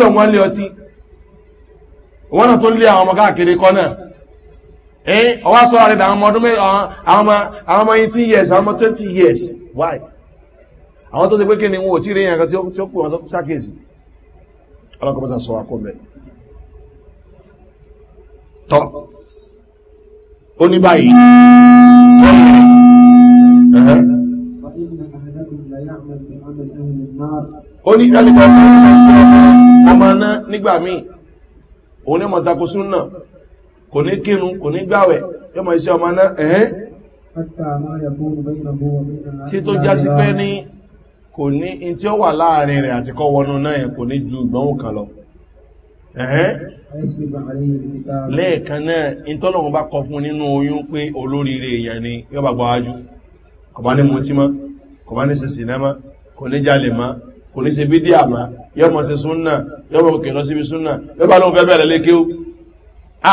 súnmọ́ wọ́n náà tó lé àwọn ọmọ káàkiri kọ́ náà ẹ́yìn ọwá sọ àrẹ̀dà àwọn ọmọdún àwọn ọmọ 18 years àwọn ọmọ twenty years why àwọn tó ti pé kí ni wọn ò tí rí ẹ̀yàn kan tí ó pè wọn sákèsì ọlọ́kọ̀ọ́bọ̀ta sọ àkọ́bẹ̀ tọ́ ó ní báyìí ó ní ẹlẹ́gbẹ̀ẹ́ ọmọ náà nígbà míì òun ní mọ̀ tako súnà kò ní kírun kò ní gbàwẹ̀ yóò mọ̀ iṣẹ́ ọmọ náà ẹ̀hẹ́n tí tó já sí pé ní kò ní in tí ó wà láàrin rẹ̀ àti kọ́wọ́nú náà yẹn kò ní ju ìgbọ̀nwò kan lọ ẹ̀hẹ́n lẹ́ẹ̀kan náà ìtọ́lọ̀wọ̀n bá kọ fún nínú oyún pé olóríire èèyàn ni yóò bá gbáwájú kọ̀bá ní mutí mọ́ kọ̀bá ní sẹ̀sìn náà mọ́ kò ní jalè mọ́ kò ní se bídíà mọ́ yọ́ mọ̀ sí súnnà yọ́ mọ̀ òkè lọ síbi súnnà yọ́ bá lóun fẹ́ bẹ̀rẹ̀ lékè ó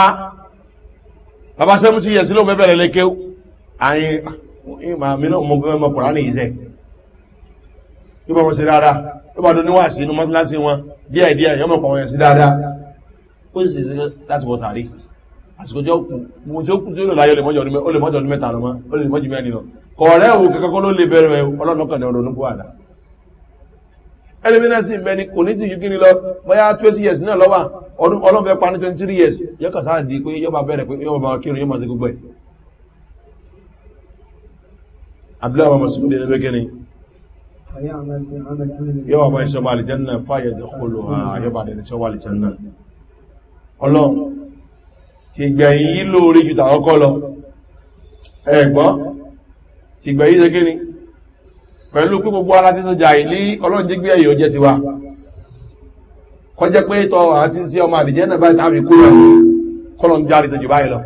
a bàbá sẹ́mu ti yẹ̀ sí lóun fẹ́ bẹ̀rẹ̀ lékè ó àyìn màmí náà mo fẹ́ mọ kùránì yìí sẹ́ yọ́ bá wọn sí dáadáa yọ́ bá dún níwáàsí inú mọ́tíláṣí wọn díẹ̀ díẹ̀ yọ́ mọ̀ pọ̀ wọn yẹ̀ sí dáadáa ó sì sí láti wọ sàárì àsìkò jọ mo tí ó kú tí ó lè láyé ó lè mọ́jọ́ ọdún mẹ́ta lọ mọ́ ó lè mọ́jọ́ mẹ́rin lọ kọ̀ọ̀rẹ́ òun kankan ló lè bẹ̀rẹ̀ ọlọ́nà kan ní ọdún kó àdá ẹlẹ́mìnà sí ìbẹni kò ní ti yìí lọ bóyá 20 years náà lọ́wà ọdún ọlọ́fẹ́ pa ní 23 years yọ́kà sáà di pé yọ́bà bẹ̀rẹ̀ pé yọ́bà bá kírun yọ́bà sí gbogbo ẹ̀ abdullahi wa masu kúrò nígbẹ́ gẹ́ni yọ́bà bá ìṣọ́bà alìjẹ́nà fàyẹ̀ dẹ̀kọ́lù ha yọ́bà dẹ̀ ìṣọ́bà alìjẹ́nà ọlọ́run ti gbẹ̀yìn lórí ju tàwọn kọ́ lọ ẹ̀gbọ́n ti gbẹ̀yìn pẹ̀lú pé gbogbo ara ti sọ jà ìlí ọlọ́njẹ́ gbé ẹ̀yọ́ jẹ́ tiwa kọjẹ́ pé tọ́ àti sí ọmọ àdìjẹ́ náà báyìí táwọn ikú rẹ̀ kọ́lọ̀ ń járe sẹ́jù báyìí lọ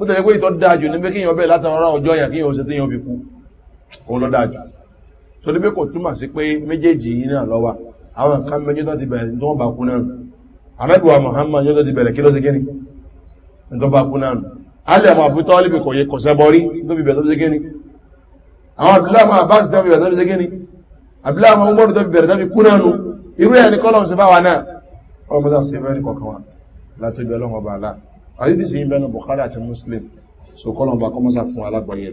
ó tẹ̀lé pé ìtọ́ dáa jù ní pé kíyàn bẹ́ẹ̀ látara ọjọ́ yẹn kíyàn oṣù tíyàn fi kú òun lọ dáa jù tó ní pé kò túmọ̀ sí pé méjèèjì yìí náà lọ́wà àwọn nǹkan méjì tó ti bẹ̀rẹ̀ tó ń bá kú náà anábìwá muhammad yóò tó ti bẹ̀rẹ̀ kí ló ṣe kí ni tó bá kú náà alẹ́ àmọ́ àbútọ́ ọ́lẹ́bì kò yẹ kò sẹ́bọ́ rí tó fi bẹ̀rẹ̀ tó ṣe kí ni àwọn abdullahi ma bá sí tàbí bẹ̀rẹ̀ tàbí jẹ́gẹ́ni abdullahi ma umaru tàbí bẹ̀rẹ̀ tàbí kú nánu irú ẹ̀ ní kọ́lọ̀ sí fáwa náà ọmọ mọ́ta sí ẹ̀fẹ́ ní kọ̀kan wa láti ibi ọlọ́mọ bá lá àdídì sí ibẹ̀ nù bukhari àti muslim so kọ́lọ̀ bá kọ́ mọ́sá fún alágbàyé